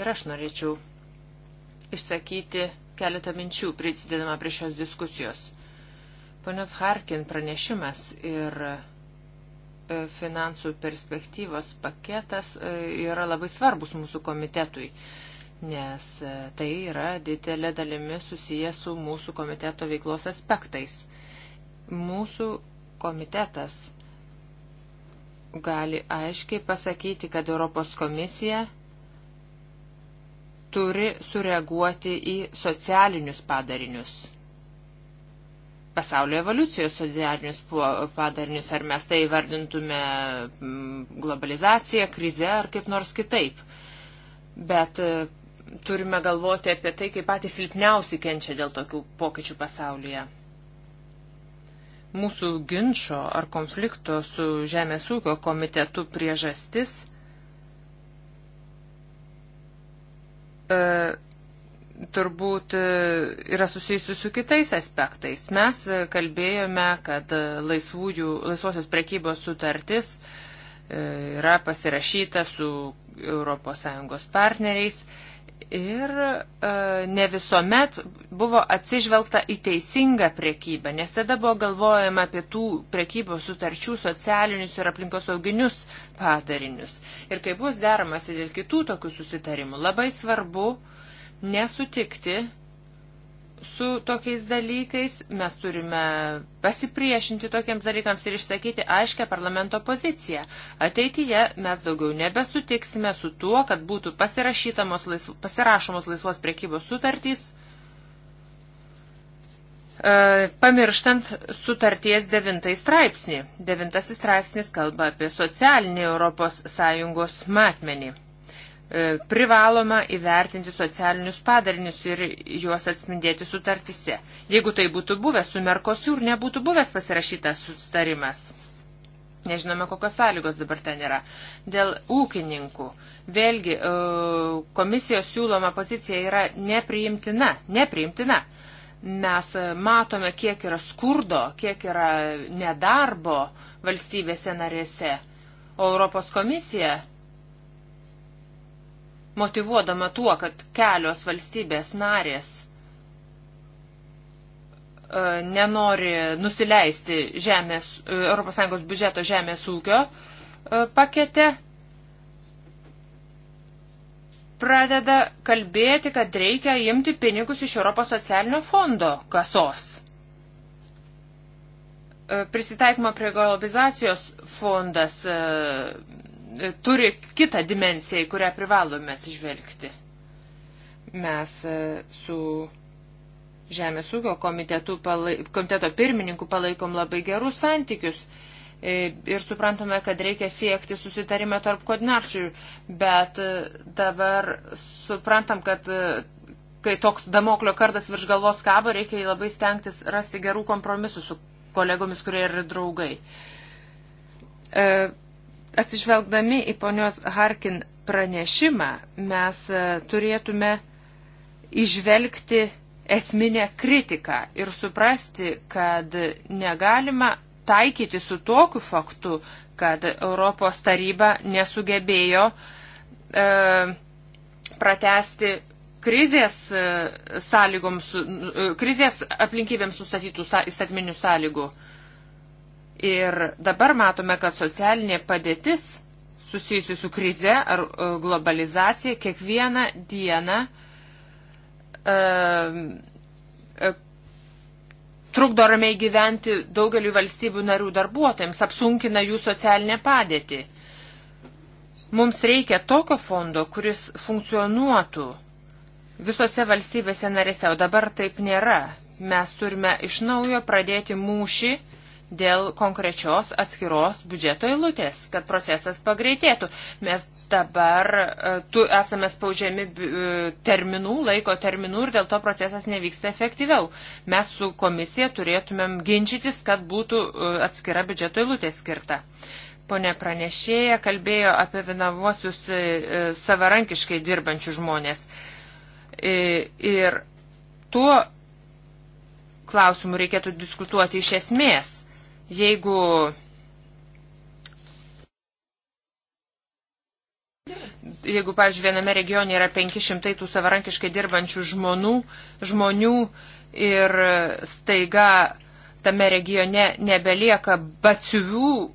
ir aš norėčiau išsakyti keletą minčių prisidedama prie šios diskusijos. Ponios Harkin pranešimas ir e, finansų perspektyvos paketas e, yra labai svarbus mūsų komitetui, nes e, tai yra didelė dalimi susiję su mūsų komiteto veiklos aspektais. Mūsų komitetas gali aiškiai pasakyti, kad Europos komisija turi sureaguoti į socialinius padarinius. Pasaulio evoliucijos socialinius padarinius, ar mes tai vardintume mm, globalizaciją, krize ar kaip nors kitaip. Bet e, turime galvoti apie tai, kaip patys silpniausi kenčia dėl tokių pokyčių pasaulyje. Mūsų ginčio ar konflikto su Žemės ūkio komitetu priežastis – E, turbūt e, yra susijusi su kitais aspektais. Mes e, kalbėjome, kad laisvųjų, laisvosios prekybos sutartis yra pasirašyta su ES partneriais ir e, ne visuomet buvo atsižvelgta į teisingą priekybą, nes tada buvo galvojama apie tų priekybos sutarčių socialinius ir aplinkosauginius padarinius. Ir kai bus deramasi dėl kitų tokių susitarimų, labai svarbu nesutikti su tokiais dalykais, mes turime pasipriešinti tokiems dalykams ir išsakyti aiškę parlamento poziciją. Ateityje mes daugiau nebesutiksime su tuo, kad būtų laisv... pasirašomos laisvos priekybos sutartys e, pamirštant sutarties devintai straipsnį. Devintasis straipsnis kalba apie socialinį ES matmenį. E, privaloma įvertinti socialinius padarinius ir juos atspindėti sutartise. Jeigu tai būtų buvęs su Merkosiur, nebūtų buvęs pasirašytas sustarimas. Nežinome, kokios sąlygos dabar ten yra. Dėl ūkininkų. Vėlgi, e, komisijos siūloma pozicija yra nepriimtina. Nepriimtina. Mes matome, kiek yra skurdo, kiek yra nedarbo valstybėse narėse. O Europos komisija motivuodama tuo, kad kelios valstybės narės e, nenori nusileisti žemės, e, ES biudžeto žemės ūkio e, pakete, pradeda kalbėti, kad reikia imti pinigus iš Europos socialinio fondo kasos. Prisitaikymo prie globalizacijos fondas turi kitą dimensiją, į kurią privalome atsižvelgti. Mes e, su Žemės ūkio palai, komiteto pirmininku palaikom labai gerus santykius e, ir suprantame, kad reikia siekti susitarimą tarp kodnarčių, bet e, dabar suprantam, kad kai toks damoklio kardas virš galvos kabo, reikia labai stengtis rasti gerų kompromisų su kolegomis, kurie yra draugai atsižvelgdami į ponios Harkin pranešimą, mes e, turėtume išvelgti esminę kritiką ir suprasti, kad negalima taikyti su tokiu faktu, kad Europos taryba nesugebėjo e, pratesti krizės e, sąlygoms, e, krizės aplinkybėms nustatytų įstatminių sąlygų. E, Ir dabar matome, kad socialinė padėtis susijusi su krize ar e, globalizacija kiekvieną dieną e, e, trukdo ramiai gyventi daugeliu valstybių narių darbuotojams, apsunkina jų socialinę padėtį. Mums reikia tokio fondo, kuris funkcionuotų visose valstybėse narėse, o dabar taip nėra. Mes turime iš naujo pradėti mūšį dėl konkrečios atskiros biudžeto eilutės, kad procesas pagreitėtų. Mes dabar e, tu esame spaudžiami e, terminų, laiko terminų ir dėl to procesas nevyksta efektyviau. Mes su komisija turėtumėm ginčytis, kad būtų e, atskira biudžeto eilutė skirta ponė pranešėja kalbėjo apie vinavuosius savarankiškai dirbančių žmonės. Ir tuo klausimu reikėtų diskutuoti iš esmės. Jeigu Jeigu, pavyzdžiui, viename regione yra 500 tų savarankiškai dirbančių žmonių, žmonių ir staiga tame regione nebelieka baciuvių, e,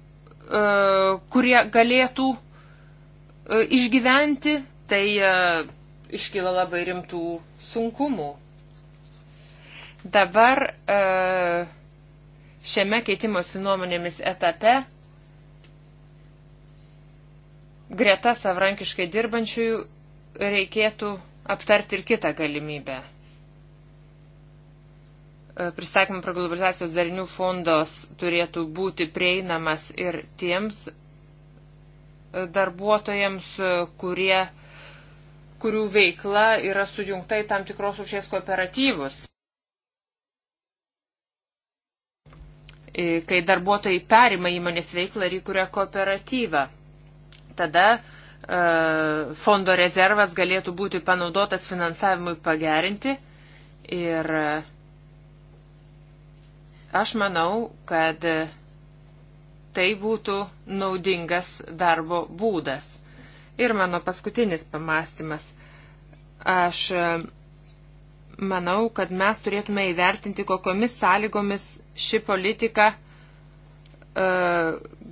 kurie galėtų e, išgyventi, tai e, iškyla labai rimtų sunkumų. Dabar uh, šiame keitimosi nuomonėmis etape greta savrankiškai dirbančiųjų reikėtų aptarti ir kitą galimybę. E, Pristatymų prie globalizacijos darinių fondos turėtų būti prieinamas ir tiems e, darbuotojams, e, kurie, kurių veikla yra sujungta į tam tikros užšies kooperatyvus. E, kai darbuotojai perima įmonės veiklą ir įkuria kooperatyvą. Tada e, fondo rezervas galėtų būti panaudotas finansavimui pagerinti ir e, aš manau, kad tai būtų naudingas darbo būdas. Ir mano paskutinis pamastymas. Aš manau, kad mes turėtume įvertinti, kokiomis sąlygomis ši politika e,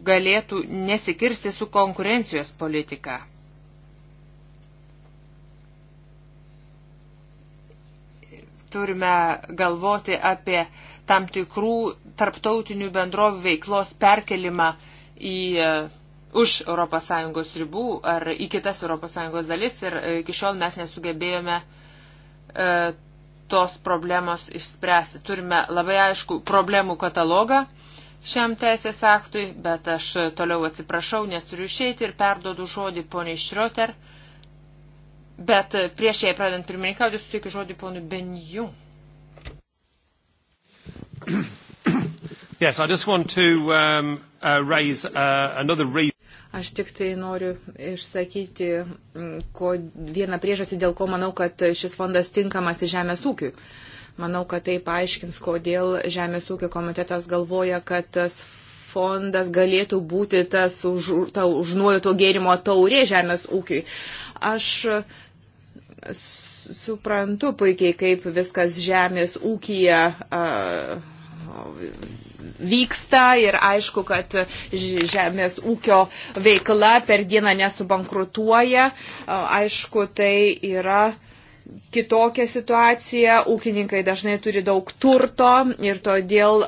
galėtų nesikirsti su konkurencijos politika. Turime galvoti apie tam tikrų tarptautinių bendrovų veiklos perkelimą į, e, už ES ribų ar į kitas ES dalis ir e, iki šiol mes nesugebėjome tos problemos išspręsti. Turime labai aišku problemų katalogą šiam teisės aktui, bet aš toliau atsiprašau, nes turiu išeiti ir perdodu žodį poniai Šrioter. Bet prieš jai pradant pirmininkauti, suteikiu žodį ponui Benjų. Yes, I just want to um, uh, raise uh, another reason. Aš tik tai noriu išsakyti mm, ko, vieną priežastį, dėl ko manau, kad šis fondas tinkamas į žemės ūkiui. Manau, kad tai paaiškins, kodėl žemės ūkio komitetas galvoja, kad tas fondas galėtų būti tas už, ta užnuojoto gėrimo taurė žemės ūkiui. Aš suprantu puikiai, kaip viskas žemės ūkija. A, vyksta ir aišku, kad žemės ūkio veikla per dieną nesubankrutuoja. Aišku, tai yra kitokia situacija, ūkininkai dažnai turi daug turto ir todėl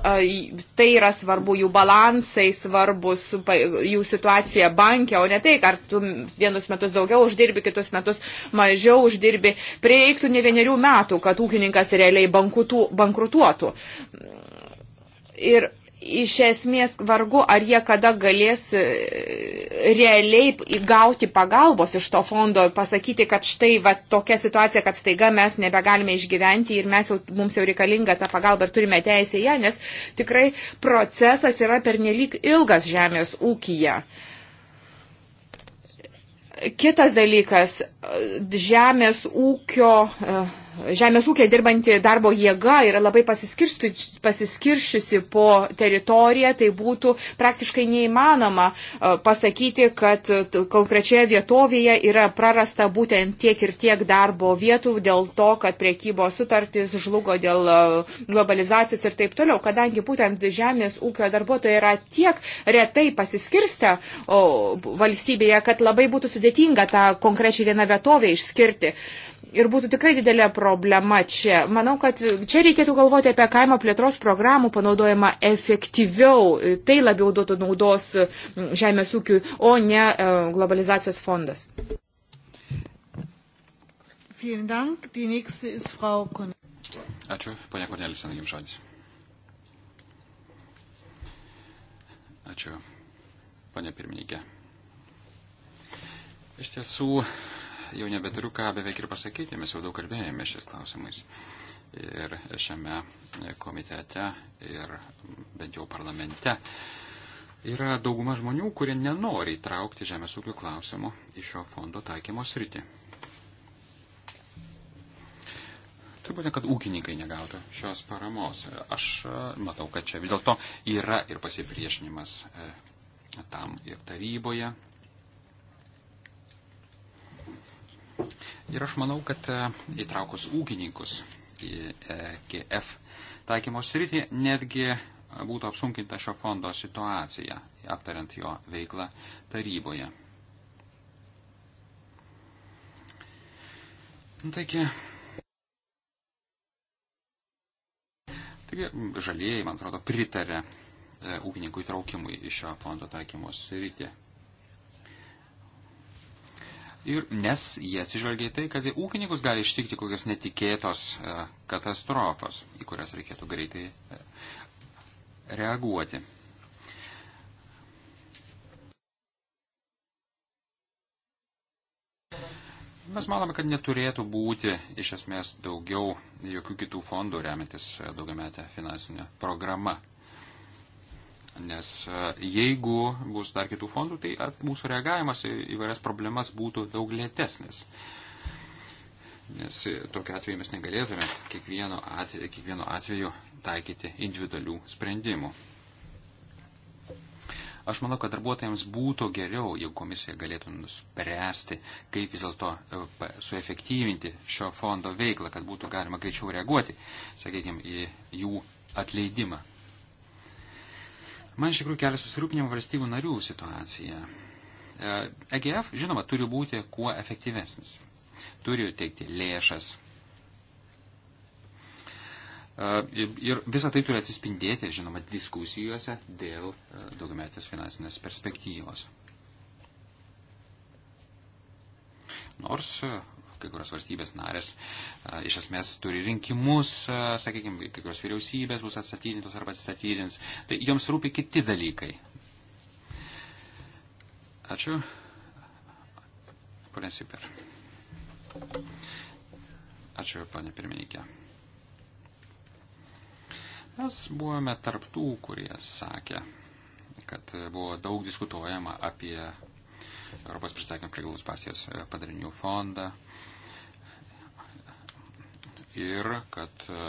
tai yra svarbu, jų balansai svarbus, jų situacija bankė, o ne tai, ar tu vienus metus daugiau uždirbi, kitus metus mažiau uždirbi. Prireiktų ne vienerių metų, kad ūkininkas realiai bankutų, bankrutuotų. Ir iš esmės vargu, ar jie kada galės e, realiai įgauti pagalbos iš to fondo, pasakyti, kad štai va, tokia situacija, kad staiga mes nebegalime išgyventi ir mes jau, mums jau reikalinga ta pagalba ir turime teisę ją, nes tikrai procesas yra pernelyg ilgas žemės ūkija. Kitas dalykas, žemės ūkio uh, žemės ūkiai dirbanti darbo jėga yra labai pasiskirščiusi po teritoriją, tai būtų praktiškai neįmanoma e, pasakyti, kad e, konkrečioje vietovėje yra prarasta būtent tiek ir tiek darbo vietų dėl to, kad priekybos sutartys žlugo dėl e, globalizacijos ir taip toliau, kadangi būtent žemės ūkio darbuotojai yra tiek retai pasiskirstę valstybėje, kad labai būtų sudėtinga tą konkrečiai vieną vietovę išskirti. Uh, ir būtų tikrai didelė problema čia. Manau, kad čia reikėtų galvoti apie kaimo plėtros programų panaudojimą efektyviau. Tai labiau duotų naudos žemės ūkiui, o ne e, globalizacijos fondas. Ačiū, ponia Kornelisena, jums žodis. Ačiū, ponia pirmininkė. Iš tiesų, jau nebeturiu ką beveik ir pasakyti, mes jau daug kalbėjome šiais klausimais. Ir šiame komitete ir bent jau parlamente yra dauguma žmonių, kurie nenori įtraukti žemės ūkio klausimo į šio fondo taikymo sritį. Tai būtent, kad ūkininkai negautų šios paramos. Aš e, matau, kad čia vis dėlto yra ir pasipriešinimas e, tam ir taryboje, Ir aš manau, kad e, įtraukus ūkininkus į e, GF taikymo sritį netgi būtų apsunkinta šio fondo situacija, aptariant jo veiklą taryboje. Nu, taigi, taigi žalieji, man atrodo, pritarė e, ūkininkų įtraukimui į šio fondo taikymos sritį. Ir nes jie atsižvelgia į tai, kad ūkininkus gali ištikti kokios netikėtos e, katastrofos, į kurias reikėtų greitai e, reaguoti. Mes manome, kad neturėtų būti iš esmės daugiau jokių kitų fondų remintis e, daugiametę finansinę programą. Nes e, jeigu bus dar kitų fondų, tai at, mūsų reagavimas į įvairias problemas būtų daug lėtesnis. Nes e, tokiu atveju mes negalėtume kiekvieno atveju, kiekvieno atveju taikyti individualių sprendimų. Aš manau, kad darbuotojams būtų geriau, jeigu komisija galėtų nuspręsti, kaip vis dėlto e, suefektyvinti šio fondo veiklą, kad būtų galima greičiau reaguoti, sakykime, į jų atleidimą Man iš tikrųjų kelia susirūpinimą valstybių narių situacija. EGF, e žinoma, turi būti kuo efektyvesnis. Turi teikti lėšas. E, ir visą tai turi atsispindėti, žinoma, diskusijose dėl e, daugiametės finansinės perspektyvos. Nors kai kurios valstybės narės iš esmės turi rinkimus, sakykime, kai kurios vyriausybės bus atstatydintos arba atstatydins. Tai joms rūpi kiti dalykai. Ačiū. Pane Super. Ačiū, pane pirmininkė. Mes buvome tarptų, kurie sakė, kad buvo daug diskutuojama apie Europos pristatymą prie galus pasijos e, padarinių fondą, ir kad e,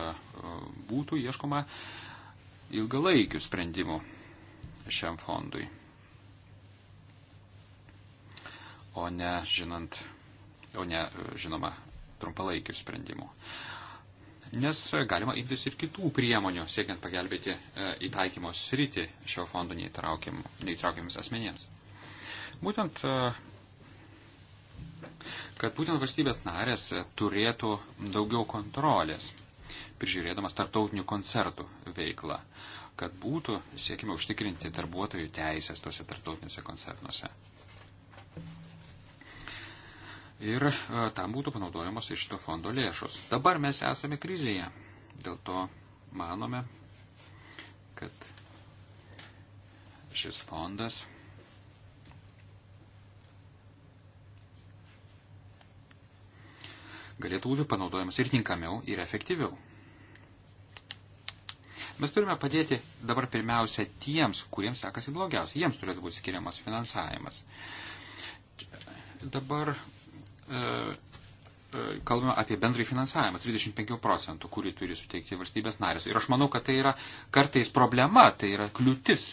būtų ieškoma ilgalaikių sprendimų šiam fondui. O ne, žinant, o ne e, žinoma, trumpalaikių sprendimų. Nes galima imtis ir kitų priemonių, siekiant pagelbėti e, įtaikymos sritį šio fondo neįtraukiamis asmenėms. Būtent kad būtent valstybės narės turėtų daugiau kontrolės, prižiūrėdamas tarptautinių koncertų veiklą, kad būtų siekime užtikrinti darbuotojų teisės tose tarptautiniuose koncernuose. Ir e, tam būtų panaudojamos iš to fondo lėšos. Dabar mes esame krizėje. Dėl to manome, kad šis fondas galėtų būti panaudojamas ir tinkamiau, ir efektyviau. Mes turime padėti dabar pirmiausia tiems, kuriems sekasi blogiausiai. Jiems turėtų būti skiriamas finansavimas. Dabar e, e kalbame apie bendrąjį finansavimą 35 procentų, kurį turi suteikti valstybės narės. Ir aš manau, kad tai yra kartais problema, tai yra kliūtis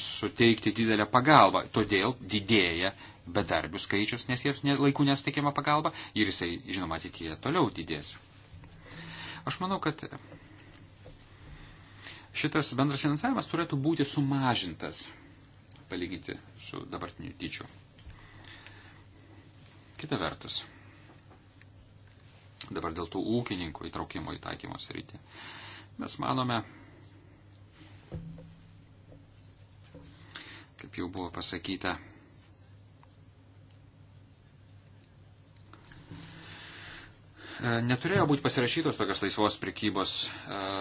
suteikti didelę pagalbą. Todėl didėja bedarbių skaičius, nes jiems laikų nesuteikiama pagalba ir jisai, žinoma, ateityje toliau didės. Aš manau, kad šitas bendras finansavimas turėtų būti sumažintas, palyginti su dabartiniu tyčiu. Kita vertus, dabar dėl tų ūkininkų įtraukimo į taikymo sritį. Mes manome, kaip jau buvo pasakyta, E, neturėjo būti pasirašytos tokios laisvos prekybos e,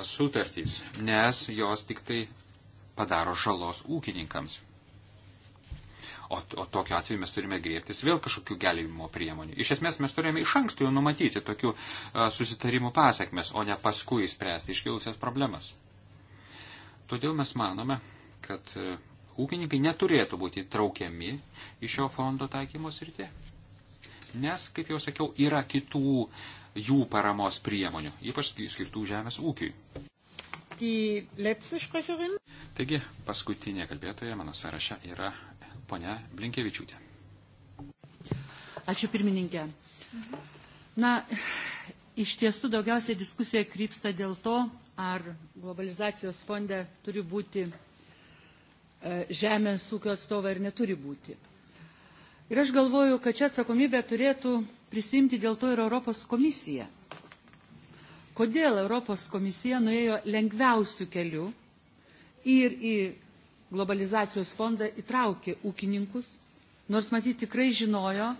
sutartys, nes jos tik tai padaro žalos ūkininkams. O, o tokiu atveju mes turime griebtis vėl kažkokių gelbėjimo priemonių. Iš esmės mes turėjome iš anksto jau numatyti tokių a, e, susitarimų pasiekmes, o ne paskui spręsti iškilusias problemas. Todėl mes manome, kad a, ūkininkai neturėtų būti traukiami iš šio fondo taikymos rytė. Nes, kaip jau sakiau, yra kitų a, jų paramos priemonių, ypač skirtų žemės ūkiui. Taigi, paskutinė kalbėtoja mano sąraše yra ponia Blinkevičiūtė. Ačiū pirmininkė. Na, iš tiesų daugiausiai diskusija krypsta dėl to, ar globalizacijos fonde turi būti e, žemės ūkio atstovai ar neturi būti. Ir aš galvoju, kad čia atsakomybę turėtų prisimti dėl to ir Europos komisija. Kodėl Europos komisija nuėjo lengviausių kelių ir į globalizacijos fondą įtraukė ūkininkus, nors matyt tikrai žinojo,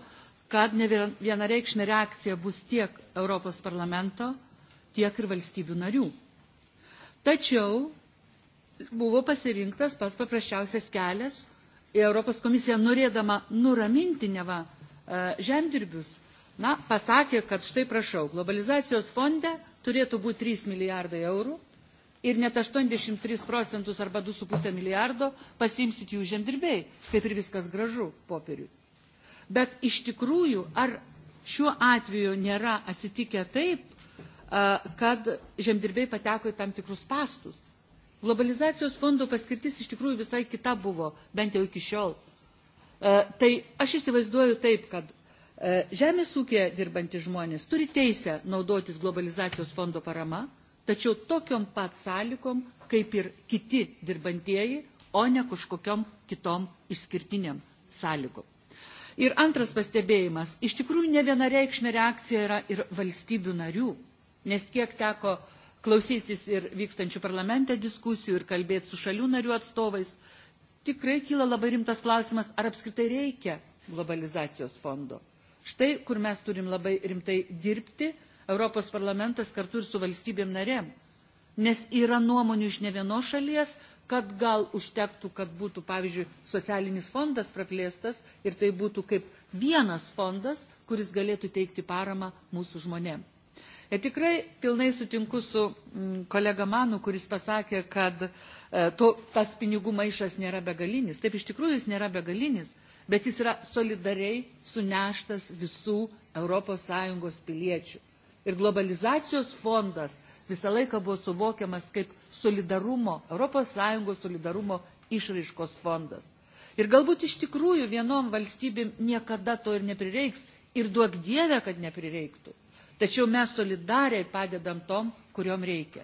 kad ne vienareikšmė reakcija bus tiek Europos parlamento, tiek ir valstybių narių. Tačiau buvo pasirinktas pas paprasčiausias kelias Europos komisija norėdama nuraminti neva e, žemdirbius, na, pasakė, kad štai prašau, globalizacijos fonde turėtų būti 3 milijardai eurų ir net 83 procentus arba 2,5 milijardo pasiimsit jų žemdirbiai, kaip ir viskas gražu popieriui. Bet iš tikrųjų, ar šiuo atveju nėra atsitikę taip, e, kad žemdirbiai pateko į tam tikrus pastus? Globalizacijos fondo paskirtis iš tikrųjų visai kita buvo, bent jau iki šiol. E, tai aš įsivaizduoju taip, kad e, žemės ūkė dirbantys žmonės turi teisę naudotis globalizacijos fondo parama, tačiau tokiom pat sąlygom, kaip ir kiti dirbantieji, o ne kažkokiom kitom išskirtiniam sąlygom. Ir antras pastebėjimas, iš tikrųjų ne vienareikšmė reakcija yra ir valstybių narių, nes kiek teko uh, klausytis ir vykstančių parlamente diskusijų ir kalbėti su šalių narių atstovais, tikrai kyla labai rimtas klausimas, ar apskritai reikia globalizacijos fondo. Štai kur mes turim labai rimtai dirbti, Europos parlamentas kartu ir su valstybėm narėm. Nes yra nuomonių iš ne vienos šalies, kad gal užtektų, kad būtų, pavyzdžiui, socialinis fondas praplėstas ir tai būtų kaip vienas fondas, kuris galėtų teikti paramą mūsų žmonėm. E tikrai pilnai sutinku su mm, kolega Manu, kuris pasakė, kad e, to, tas pinigų maišas nėra begalinis. Taip iš tikrųjų jis nėra begalinis, bet jis yra solidariai suneštas visų ES piliečių. Ir globalizacijos fondas visą laiką buvo suvokiamas kaip solidarumo, ES solidarumo išraiškos fondas. Ir galbūt iš tikrųjų vienom valstybėm niekada to ir neprireiks ir duok dievę, kad neprireiktų. Tačiau mes solidariai padedam tom, kuriuom reikia.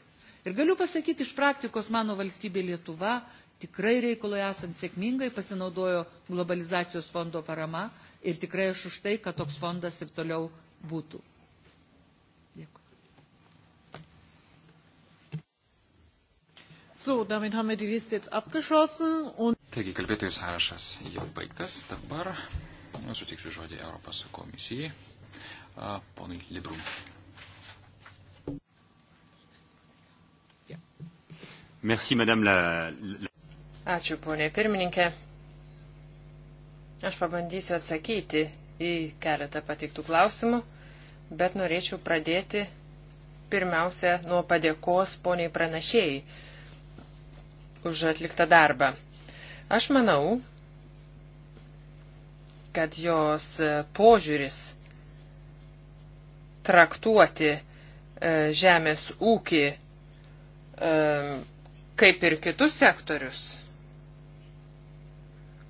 Ir galiu pasakyti iš praktikos mano valstybė Lietuva tikrai reikalui esant sėkmingai pasinaudojo globalizacijos fondo parama ir tikrai aš už tai, kad toks fondas ir toliau būtų. Dėkui. So, damit haben wir die Liste jetzt abgeschlossen. Und Taigi, kalbėtojų sąrašas jau baigtas. Dabar sutiksiu žodį Europos komisijai ponui Librum. Merci, madame la. Ačiū, ponė pirmininkė. Aš pabandysiu atsakyti į keletą patiktų klausimų, bet norėčiau pradėti pirmiausia nuo padėkos poniai pranašėjai už atliktą darbą. Aš manau, kad jos požiūris traktuoti e, žemės ūkį e, kaip ir kitus sektorius,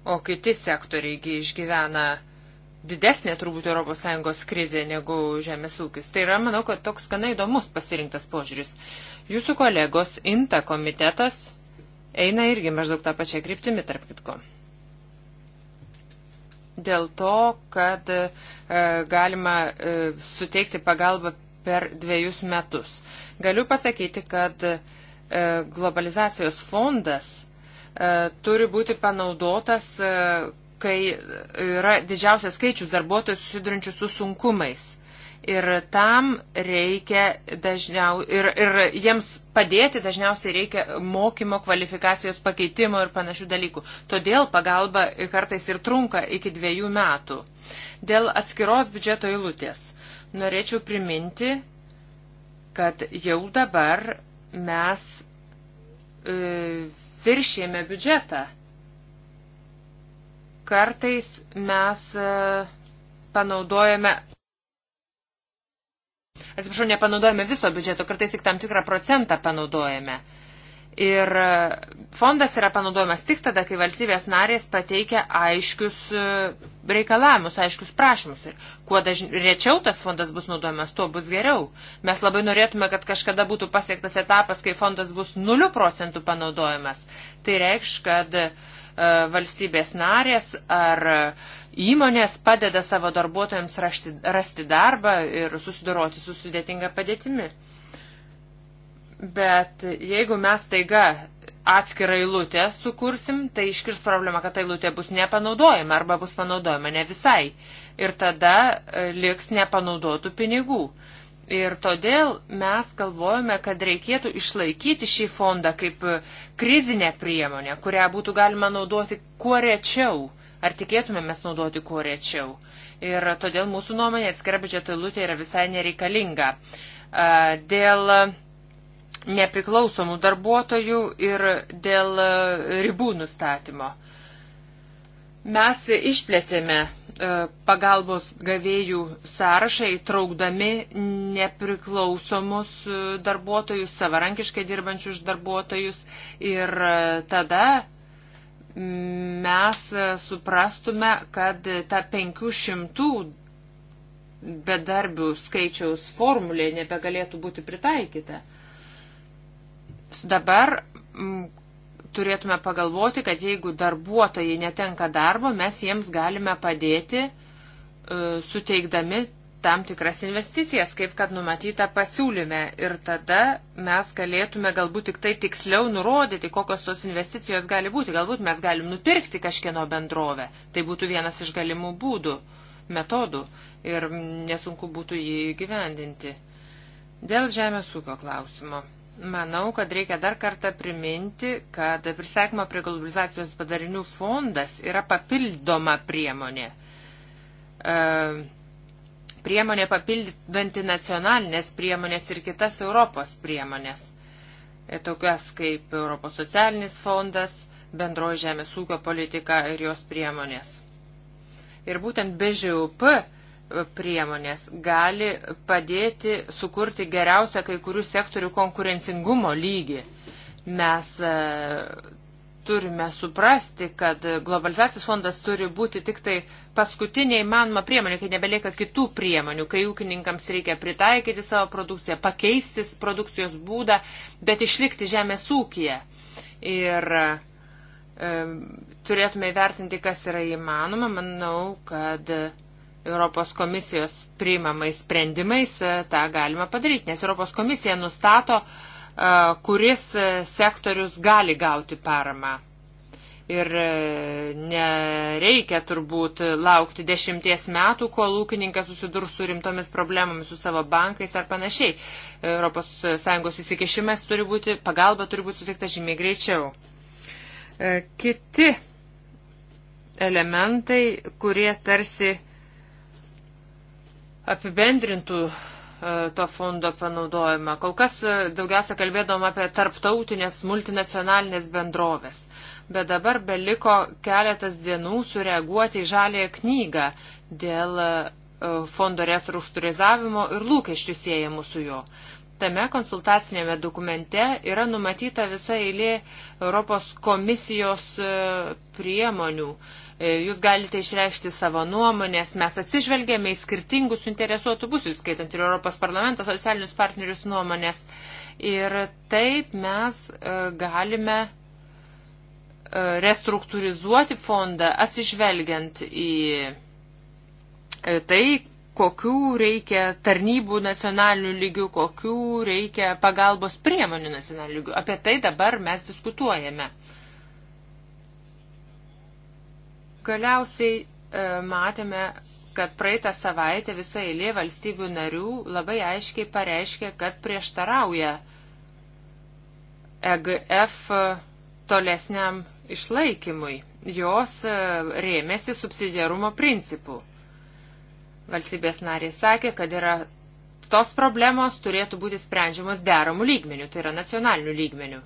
o kiti sektoriai išgyvena didesnė turbūt ES krizė negu žemės ūkis. Tai yra, manau, kad toks gana įdomus pasirinktas požiūris. Jūsų kolegos INTA komitetas eina irgi maždaug tą pačią kryptimį, tarp kitko dėl to, kad e, galima e, suteikti pagalbą per dviejus metus. Galiu pasakyti, kad e, globalizacijos fondas e, turi būti panaudotas, e, kai yra didžiausias skaičius darbuotojų susidurinčių su sunkumais. Ir tam reikia dažniau ir, ir jiems padėti dažniausiai reikia mokymo, kvalifikacijos pakeitimo ir panašių dalykų. Todėl pagalba kartais ir trunka iki dviejų metų. Dėl atskiros biudžeto eilutės norėčiau priminti, kad jau dabar mes e, viršėme biudžetą. Kartais mes e, panaudojame Atsiprašau, nepanaudojame viso biudžeto, kartais tik tam tikrą procentą panaudojame. Ir fondas yra panaudojamas tik tada, kai valstybės narės pateikia aiškius e, reikalavimus, aiškius prašymus. Ir kuo dažn... rečiau tas fondas bus naudojamas, tuo bus geriau. Mes labai norėtume, kad kažkada būtų pasiektas etapas, kai fondas bus 0 procentų panaudojamas. Tai reikš, kad e, valstybės narės ar įmonės padeda savo darbuotojams rašti, rasti darbą ir susidoroti su sudėtinga padėtimi. Bet jeigu mes taiga atskirą eilutę sukursim, tai iškirs problema, kad ta eilutė bus nepanaudojama arba bus panaudojama ne visai. Ir tada e, liks nepanaudotų pinigų. Ir todėl mes galvojame, kad reikėtų išlaikyti šį fondą kaip e, krizinę priemonę, kurią būtų galima naudoti kuo rečiau. Ar tikėtumėmės naudoti kuo rečiau. Ir todėl mūsų nuomonė atskira biudžeto eilutė yra visai nereikalinga. E, dėl nepriklausomų darbuotojų ir dėl e, ribų nustatymo. Mes išplėtėme e, pagalbos gavėjų sąrašą įtraukdami nepriklausomus e, darbuotojus, savarankiškai dirbančius darbuotojus ir tada mes suprastume, kad ta 500 bedarbių skaičiaus formulė nebegalėtų būti pritaikyta dabar m, turėtume pagalvoti, kad jeigu darbuotojai netenka darbo, mes jiems galime padėti e, suteikdami tam tikras investicijas, kaip kad numatyta pasiūlyme. Ir tada mes galėtume galbūt tik tai tiksliau nurodyti, kokios tos investicijos gali būti. Galbūt mes galim nupirkti kažkieno bendrovę. Tai būtų vienas iš galimų būdų, metodų. Ir nesunku būtų jį gyvendinti. Dėl žemės ūkio klausimo. Manau, kad reikia dar kartą priminti, kad prisakymo prie globalizacijos padarinių fondas yra papildoma priemonė. E, priemonė papildanti nacionalinės priemonės ir kitas Europos priemonės. E, tokias kaip Europos socialinis fondas, bendroji žemės ūkio politika ir jos priemonės. Ir būtent BŽUP priemonės gali padėti sukurti geriausią kai kurių sektorių konkurencingumo lygį. Mes e, turime suprasti, kad globalizacijos fondas turi būti tik tai paskutinė įmanoma priemonė, kai nebelieka kitų priemonių, kai ūkininkams reikia pritaikyti savo produkciją, pakeisti produkcijos būdą, bet išlikti žemės ūkiją. Ir e, turėtume įvertinti, kas yra įmanoma. Manau, kad e, Europos komisijos priimamais sprendimais e, tą galima padaryti, nes Europos komisija nustato, e, kuris e, sektorius gali gauti paramą. Ir nereikia turbūt laukti dešimties metų, kol ūkininkas susidurs su rimtomis problemomis su savo bankais ar panašiai. ES įsikešimas turi būti, pagalba turi būti sutikta žymiai greičiau. Kiti elementai, kurie tarsi apibendrintų e, to fondo panaudojimą. Kol kas e, daugiausia kalbėdom apie tarptautinės multinacionalinės bendrovės. Bet dabar beliko keletas dienų sureaguoti į žalėją knygą dėl e, fondo restruktūrizavimo ir lūkesčių siejamų su jo tame konsultacinėme dokumente yra numatyta visa eilė Europos komisijos e, priemonių. E, jūs galite išreikšti savo nuomonės, mes atsižvelgėme į skirtingus interesuotų pusių, skaitant ir Europos parlamentą, socialinius partnerius nuomonės. Ir taip mes e, galime restruktūrizuoti fondą atsižvelgiant į tai, kokių reikia tarnybų nacionalinių lygių, kokių reikia pagalbos priemonių nacionalinių lygių. Apie tai dabar mes diskutuojame. Galiausiai e, matėme, kad praeitą savaitę visa eilė valstybių narių labai aiškiai pareiškė, kad prieštarauja EGF tolesniam išlaikymui. Jos e, rėmėsi subsidiarumo principų. Valstybės nariai sakė, kad yra tos problemos turėtų būti sprendžiamos deramų lygmenių, tai yra nacionalinių lygmenių.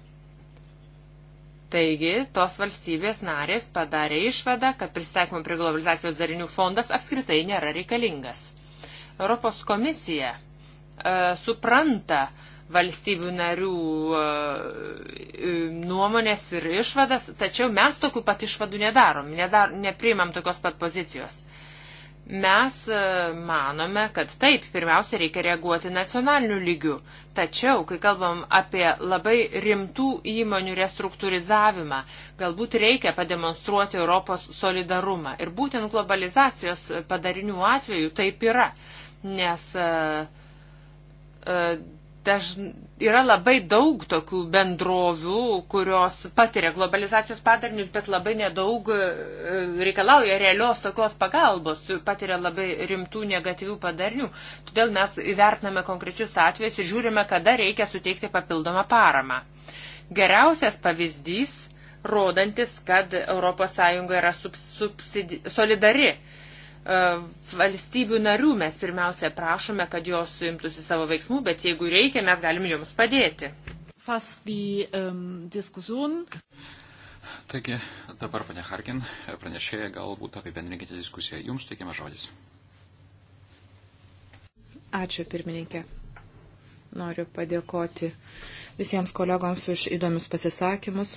Taigi, tos valstybės narės padarė išvadą, kad pristaikymo prie globalizacijos darinių fondas apskritai nėra reikalingas. Europos komisija e, supranta valstybių narių e, e, nuomonės ir išvadas, tačiau mes tokių pat išvadų nedarom, nedar, nepriimam tokios pat pozicijos. Mes e, manome, kad taip, pirmiausia, reikia reaguoti nacionaliniu lygiu. Tačiau, kai kalbam apie labai rimtų įmonių restruktūrizavimą, galbūt reikia pademonstruoti Europos solidarumą. Ir būtent globalizacijos padarinių atveju taip yra. Nes uh, uh, dažn... yra labai daug tokių bendrovių, kurios patiria globalizacijos padarinius, bet labai nedaug e, reikalauja realios tokios pagalbos, patiria labai rimtų negatyvių padarinių. Todėl mes įvertiname konkrečius atvejus ir žiūrime, kada reikia suteikti papildomą paramą. Geriausias pavyzdys, rodantis, kad ES yra subsidi... solidari E, valstybių narių mes pirmiausia prašome, kad jos imtųsi savo veiksmų, bet jeigu reikia, mes galim joms padėti. Die, um, Taigi, dabar, panė Harkin, pranešėja galbūt apibendrinkite diskusiją. Jums teikiamas žodis. Ačiū, pirmininkė. Noriu padėkoti visiems kolegoms už įdomius pasisakymus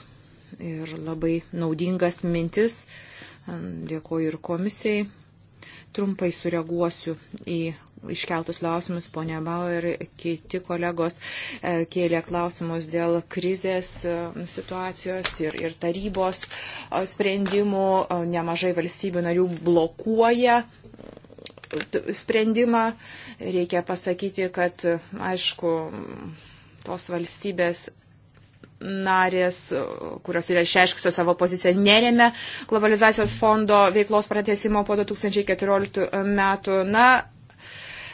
ir labai naudingas mintis. Dėkuoju ir komisijai Trumpai sureaguosiu į iškeltus klausimus, ponia Bauer ir kiti kolegos e, kėlė klausimus dėl krizės e, situacijos ir, ir tarybos e, sprendimų. Nemažai valstybių narių blokuoja sprendimą. Reikia pasakyti, kad, aišku, tos valstybės narės, kurios yra išreiškusios savo poziciją, nerėmė globalizacijos fondo veiklos pratesimo po 2014 metų. Na,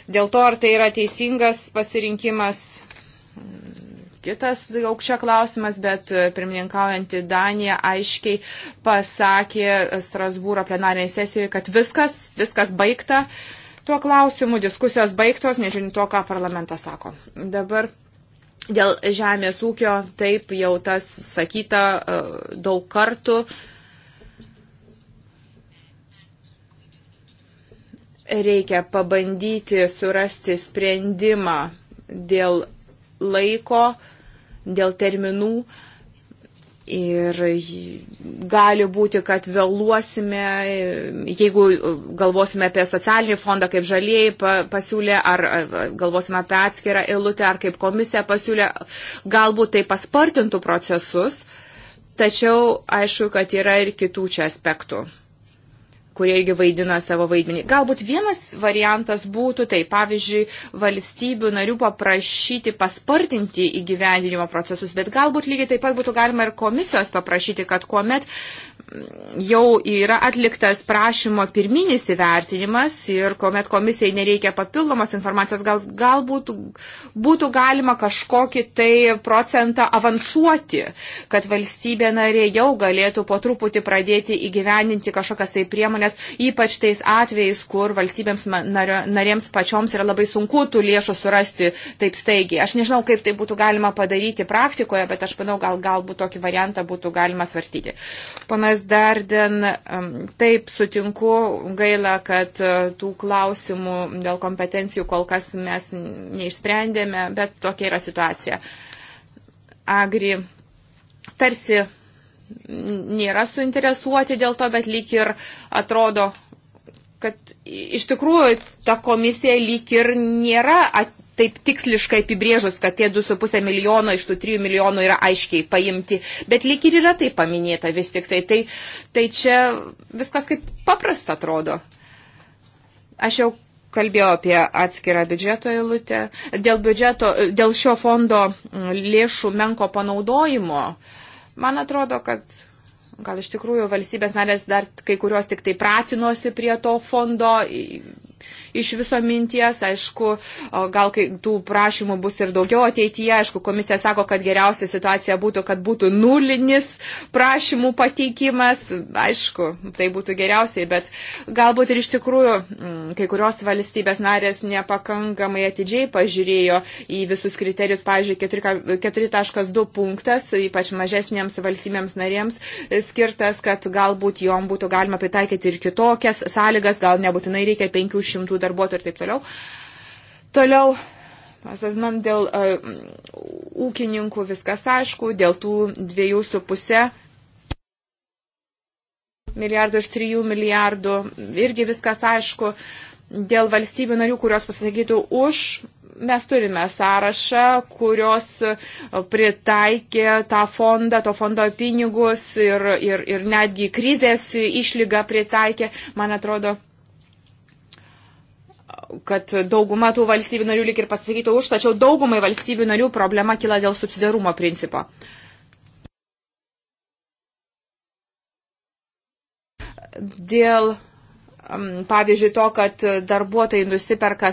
dėl to, ar tai yra teisingas pasirinkimas, kitas aukščia klausimas, bet pirmininkaujanti Danija aiškiai pasakė Strasbūro plenarinėje sesijoje, kad viskas, viskas baigta. Tuo klausimu diskusijos baigtos, nežiūrint to, ką parlamentas sako. Dabar Dėl žemės ūkio, taip jau tas sakyta e, daug kartų. Reikia pabandyti surasti sprendimą dėl laiko, dėl terminų. Uh, Ir gali būti, kad vėluosime, jeigu galvosime apie socialinį fondą, kaip žalieji pasiūlė, ar galvosime apie atskirą eilutę, ar kaip komisija pasiūlė, galbūt tai paspartintų procesus. Tačiau aišku, kad yra ir kitų čia aspektų kurie irgi vaidina savo vaidmenį. Galbūt vienas variantas būtų, tai pavyzdžiui, valstybių narių paprašyti paspartinti įgyvendinimo procesus, bet galbūt lygiai taip pat būtų galima ir komisijos paprašyti, kad kuomet jau yra atliktas prašymo pirminis įvertinimas ir kuomet komisijai nereikia papildomos informacijos, gal, galbūt būtų galima kažkokį tai procentą avansuoti, kad valstybė narė jau galėtų po truputį pradėti įgyvendinti kažkokias tai priemonės priemonės, ypač tais atvejais, kur valstybėms narėms pačioms yra labai sunku tų lėšų surasti taip staigiai. Aš nežinau, kaip tai būtų galima padaryti praktikoje, bet aš manau, gal, galbūt tokį variantą būtų galima svarstyti. Ponas Darden, taip sutinku, gaila, kad e, tų klausimų dėl kompetencijų kol kas mes neišsprendėme, bet tokia yra situacija. Agri tarsi nėra suinteresuoti dėl to, bet lyg ir atrodo, kad iš tikrųjų ta komisija lyg ir nėra taip tiksliškai apibrėžus, kad tie 2,5 milijono iš tų 3 milijonų yra aiškiai paimti, bet lyg ir yra tai paminėta vis tik tai. Tai, tai čia viskas kaip paprasta atrodo. Aš jau kalbėjau apie atskirą biudžeto eilutę. Dėl, biudžeto, dėl šio fondo lėšų menko panaudojimo uh, Man atrodo, kad gal iš tikrųjų valstybės narės dar kai kurios tik tai pratinosi prie to fondo, iš viso minties, aišku, gal kai tų prašymų bus ir daugiau ateityje, aišku, komisija sako, kad geriausia situacija būtų, kad būtų nulinis prašymų pateikimas, aišku, tai būtų geriausiai, bet galbūt ir iš tikrųjų mm, kai kurios valstybės narės nepakankamai atidžiai pažiūrėjo į visus kriterijus, pavyzdžiui, 4.2 punktas, ypač mažesniems valstybėms narėms e, skirtas, kad galbūt jom būtų galima pritaikyti ir kitokias sąlygas, gal nebūtinai reikia 500 šimtų darbuotojų ir taip toliau. Toliau, pasasmam, dėl uh, ūkininkų viskas aišku, dėl tų dviejų su pusė milijardų iš trijų milijardų irgi viskas aišku. Dėl valstybių narių, kurios pasakytų už, mes turime sąrašą, kurios pritaikė tą fondą, to fondo pinigus ir, ir, ir netgi krizės išlygą pritaikė. Man atrodo, kad dauguma tų valstybių narių lik ir pasakytų už, tačiau daugumai valstybių narių problema kyla dėl subsidiarumo principo. Dėl pavyzdžiui, to, kad darbuotojai nusiperka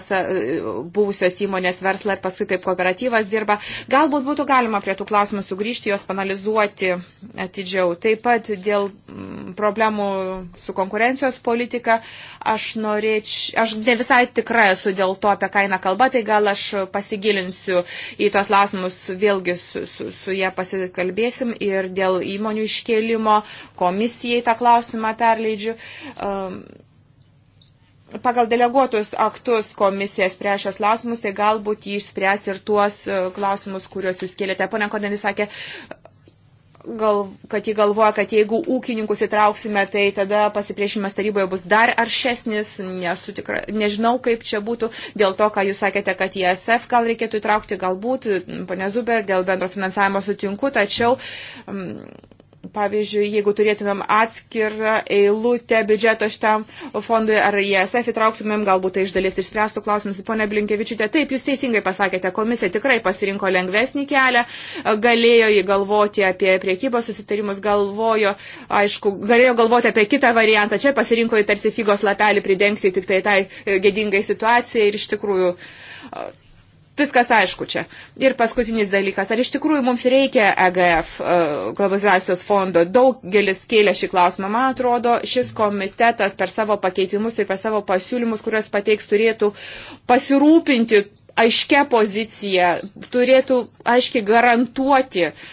buvusios įmonės verslą ir paskui kaip kooperatyvas dirba. Galbūt būtų galima prie tų klausimų sugrįžti, juos panalizuoti atidžiau. Taip pat dėl problemų su konkurencijos politika aš norėčiau, aš ne visai tikra esu dėl to, apie ką eina kalba, tai gal aš pasigilinsiu į tos klausimus, vėlgi su, su, su jie pasikalbėsim ir dėl įmonių iškėlimo komisijai tą klausimą perleidžiu. Um, pagal deleguotus aktus komisija spręs šios klausimus, tai galbūt jį išspręs ir tuos e, klausimus, kuriuos jūs kėlėte. Pane Kornelis sakė, gal, kad jį galvoja, kad jeigu ūkininkus įtrauksime, tai tada pasipriešimas taryboje bus dar aršesnis, nesu tikra, nežinau kaip čia būtų, dėl to, ką jūs sakėte, kad į SF gal reikėtų įtraukti, galbūt, pane Zuber, dėl bendro finansavimo sutinku, tačiau. Mm, Pavyzdžiui, jeigu turėtumėm atskirą eilutę biudžeto šitam fondui ar ISF įtrauktumėm, galbūt tai iš dalies išspręstų klausimus. Pone Blinkevičiūtė, taip, jūs teisingai pasakėte, komisija tikrai pasirinko lengvesnį kelią, galėjo įgalvoti apie priekybos susitarimus, galvojo, aišku, galėjo galvoti apie kitą variantą, čia pasirinko į tarsi figos lapelį pridengti tik tai tai e, gėdingai situacijai ir iš tikrųjų Viskas aišku čia. Ir paskutinis dalykas, ar iš tikrųjų mums reikia EGF e, globalizacijos fondo? Daugelis kėlė šį klausimą. Man atrodo, šis komitetas per savo pakeitimus ir per savo pasiūlymus, kuriuos pateiks, turėtų pasirūpinti aiškia pozicija, turėtų aiškiai garantuoti uh,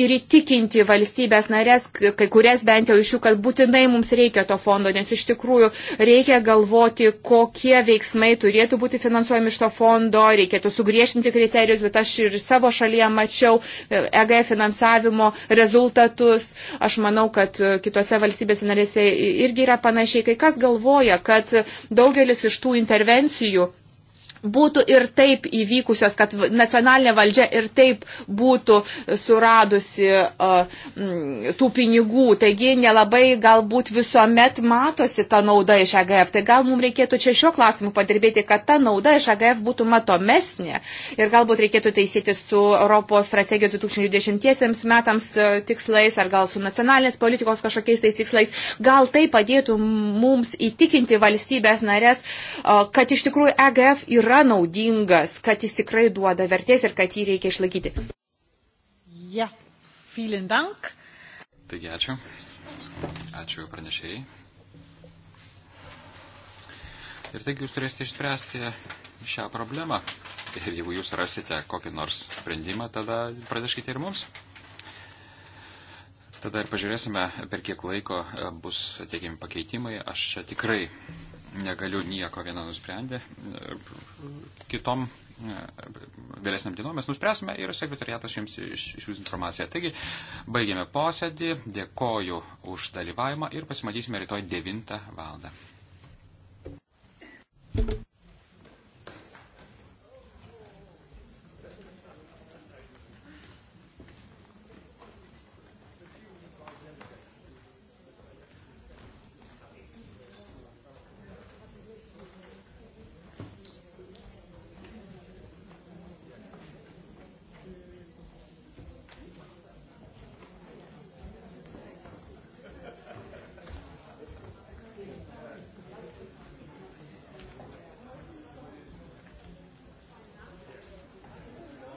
ir įtikinti valstybės narės, kai kurias bent jau iš jų, kad būtinai mums reikia to fondo, nes iš tikrųjų reikia galvoti, kokie veiksmai turėtų būti finansuojami iš to fondo, reikėtų sugriešinti kriterijus, bet aš ir savo šalyje mačiau EG e finansavimo rezultatus. Aš manau, kad e, kitose valstybės narėse irgi yra panašiai, kai kas galvoja, kad daugelis iš tų intervencijų būtų ir taip įvykusios, kad nacionalinė valdžia ir taip būtų suradusi uh, tų pinigų. Taigi nelabai galbūt visuomet matosi ta nauda iš AGF. Tai gal mums reikėtų čia šiuo klausimu padirbėti, kad ta nauda iš AGF būtų matomesnė. Ir galbūt reikėtų teisėti su Europos strategijos 2020 metams tikslais, ar gal su nacionalinės politikos kažkokiais tais tikslais. Gal tai padėtų mums įtikinti valstybės narės, uh, kad iš tikrųjų AGF yra yra naudingas, kad jis tikrai duoda vertės ir kad jį reikia išlaikyti. Ja, vielen dank. Taigi ačiū. Ačiū pranešėjai. Ir taigi jūs turėsite išspręsti šią problemą. Ir jeigu jūs rasite kokį nors sprendimą, tada praneškite ir mums. Tada ir pažiūrėsime, per kiek laiko e, bus teikiami pakeitimai. Aš čia tikrai negaliu nieko viena nusprendę. Kitom vėlesniam dienom mes nuspręsime ir sekretariatas jums išsiųs informaciją. Taigi, baigiame posėdį, dėkoju už dalyvavimą ir pasimatysime rytoj 9 val.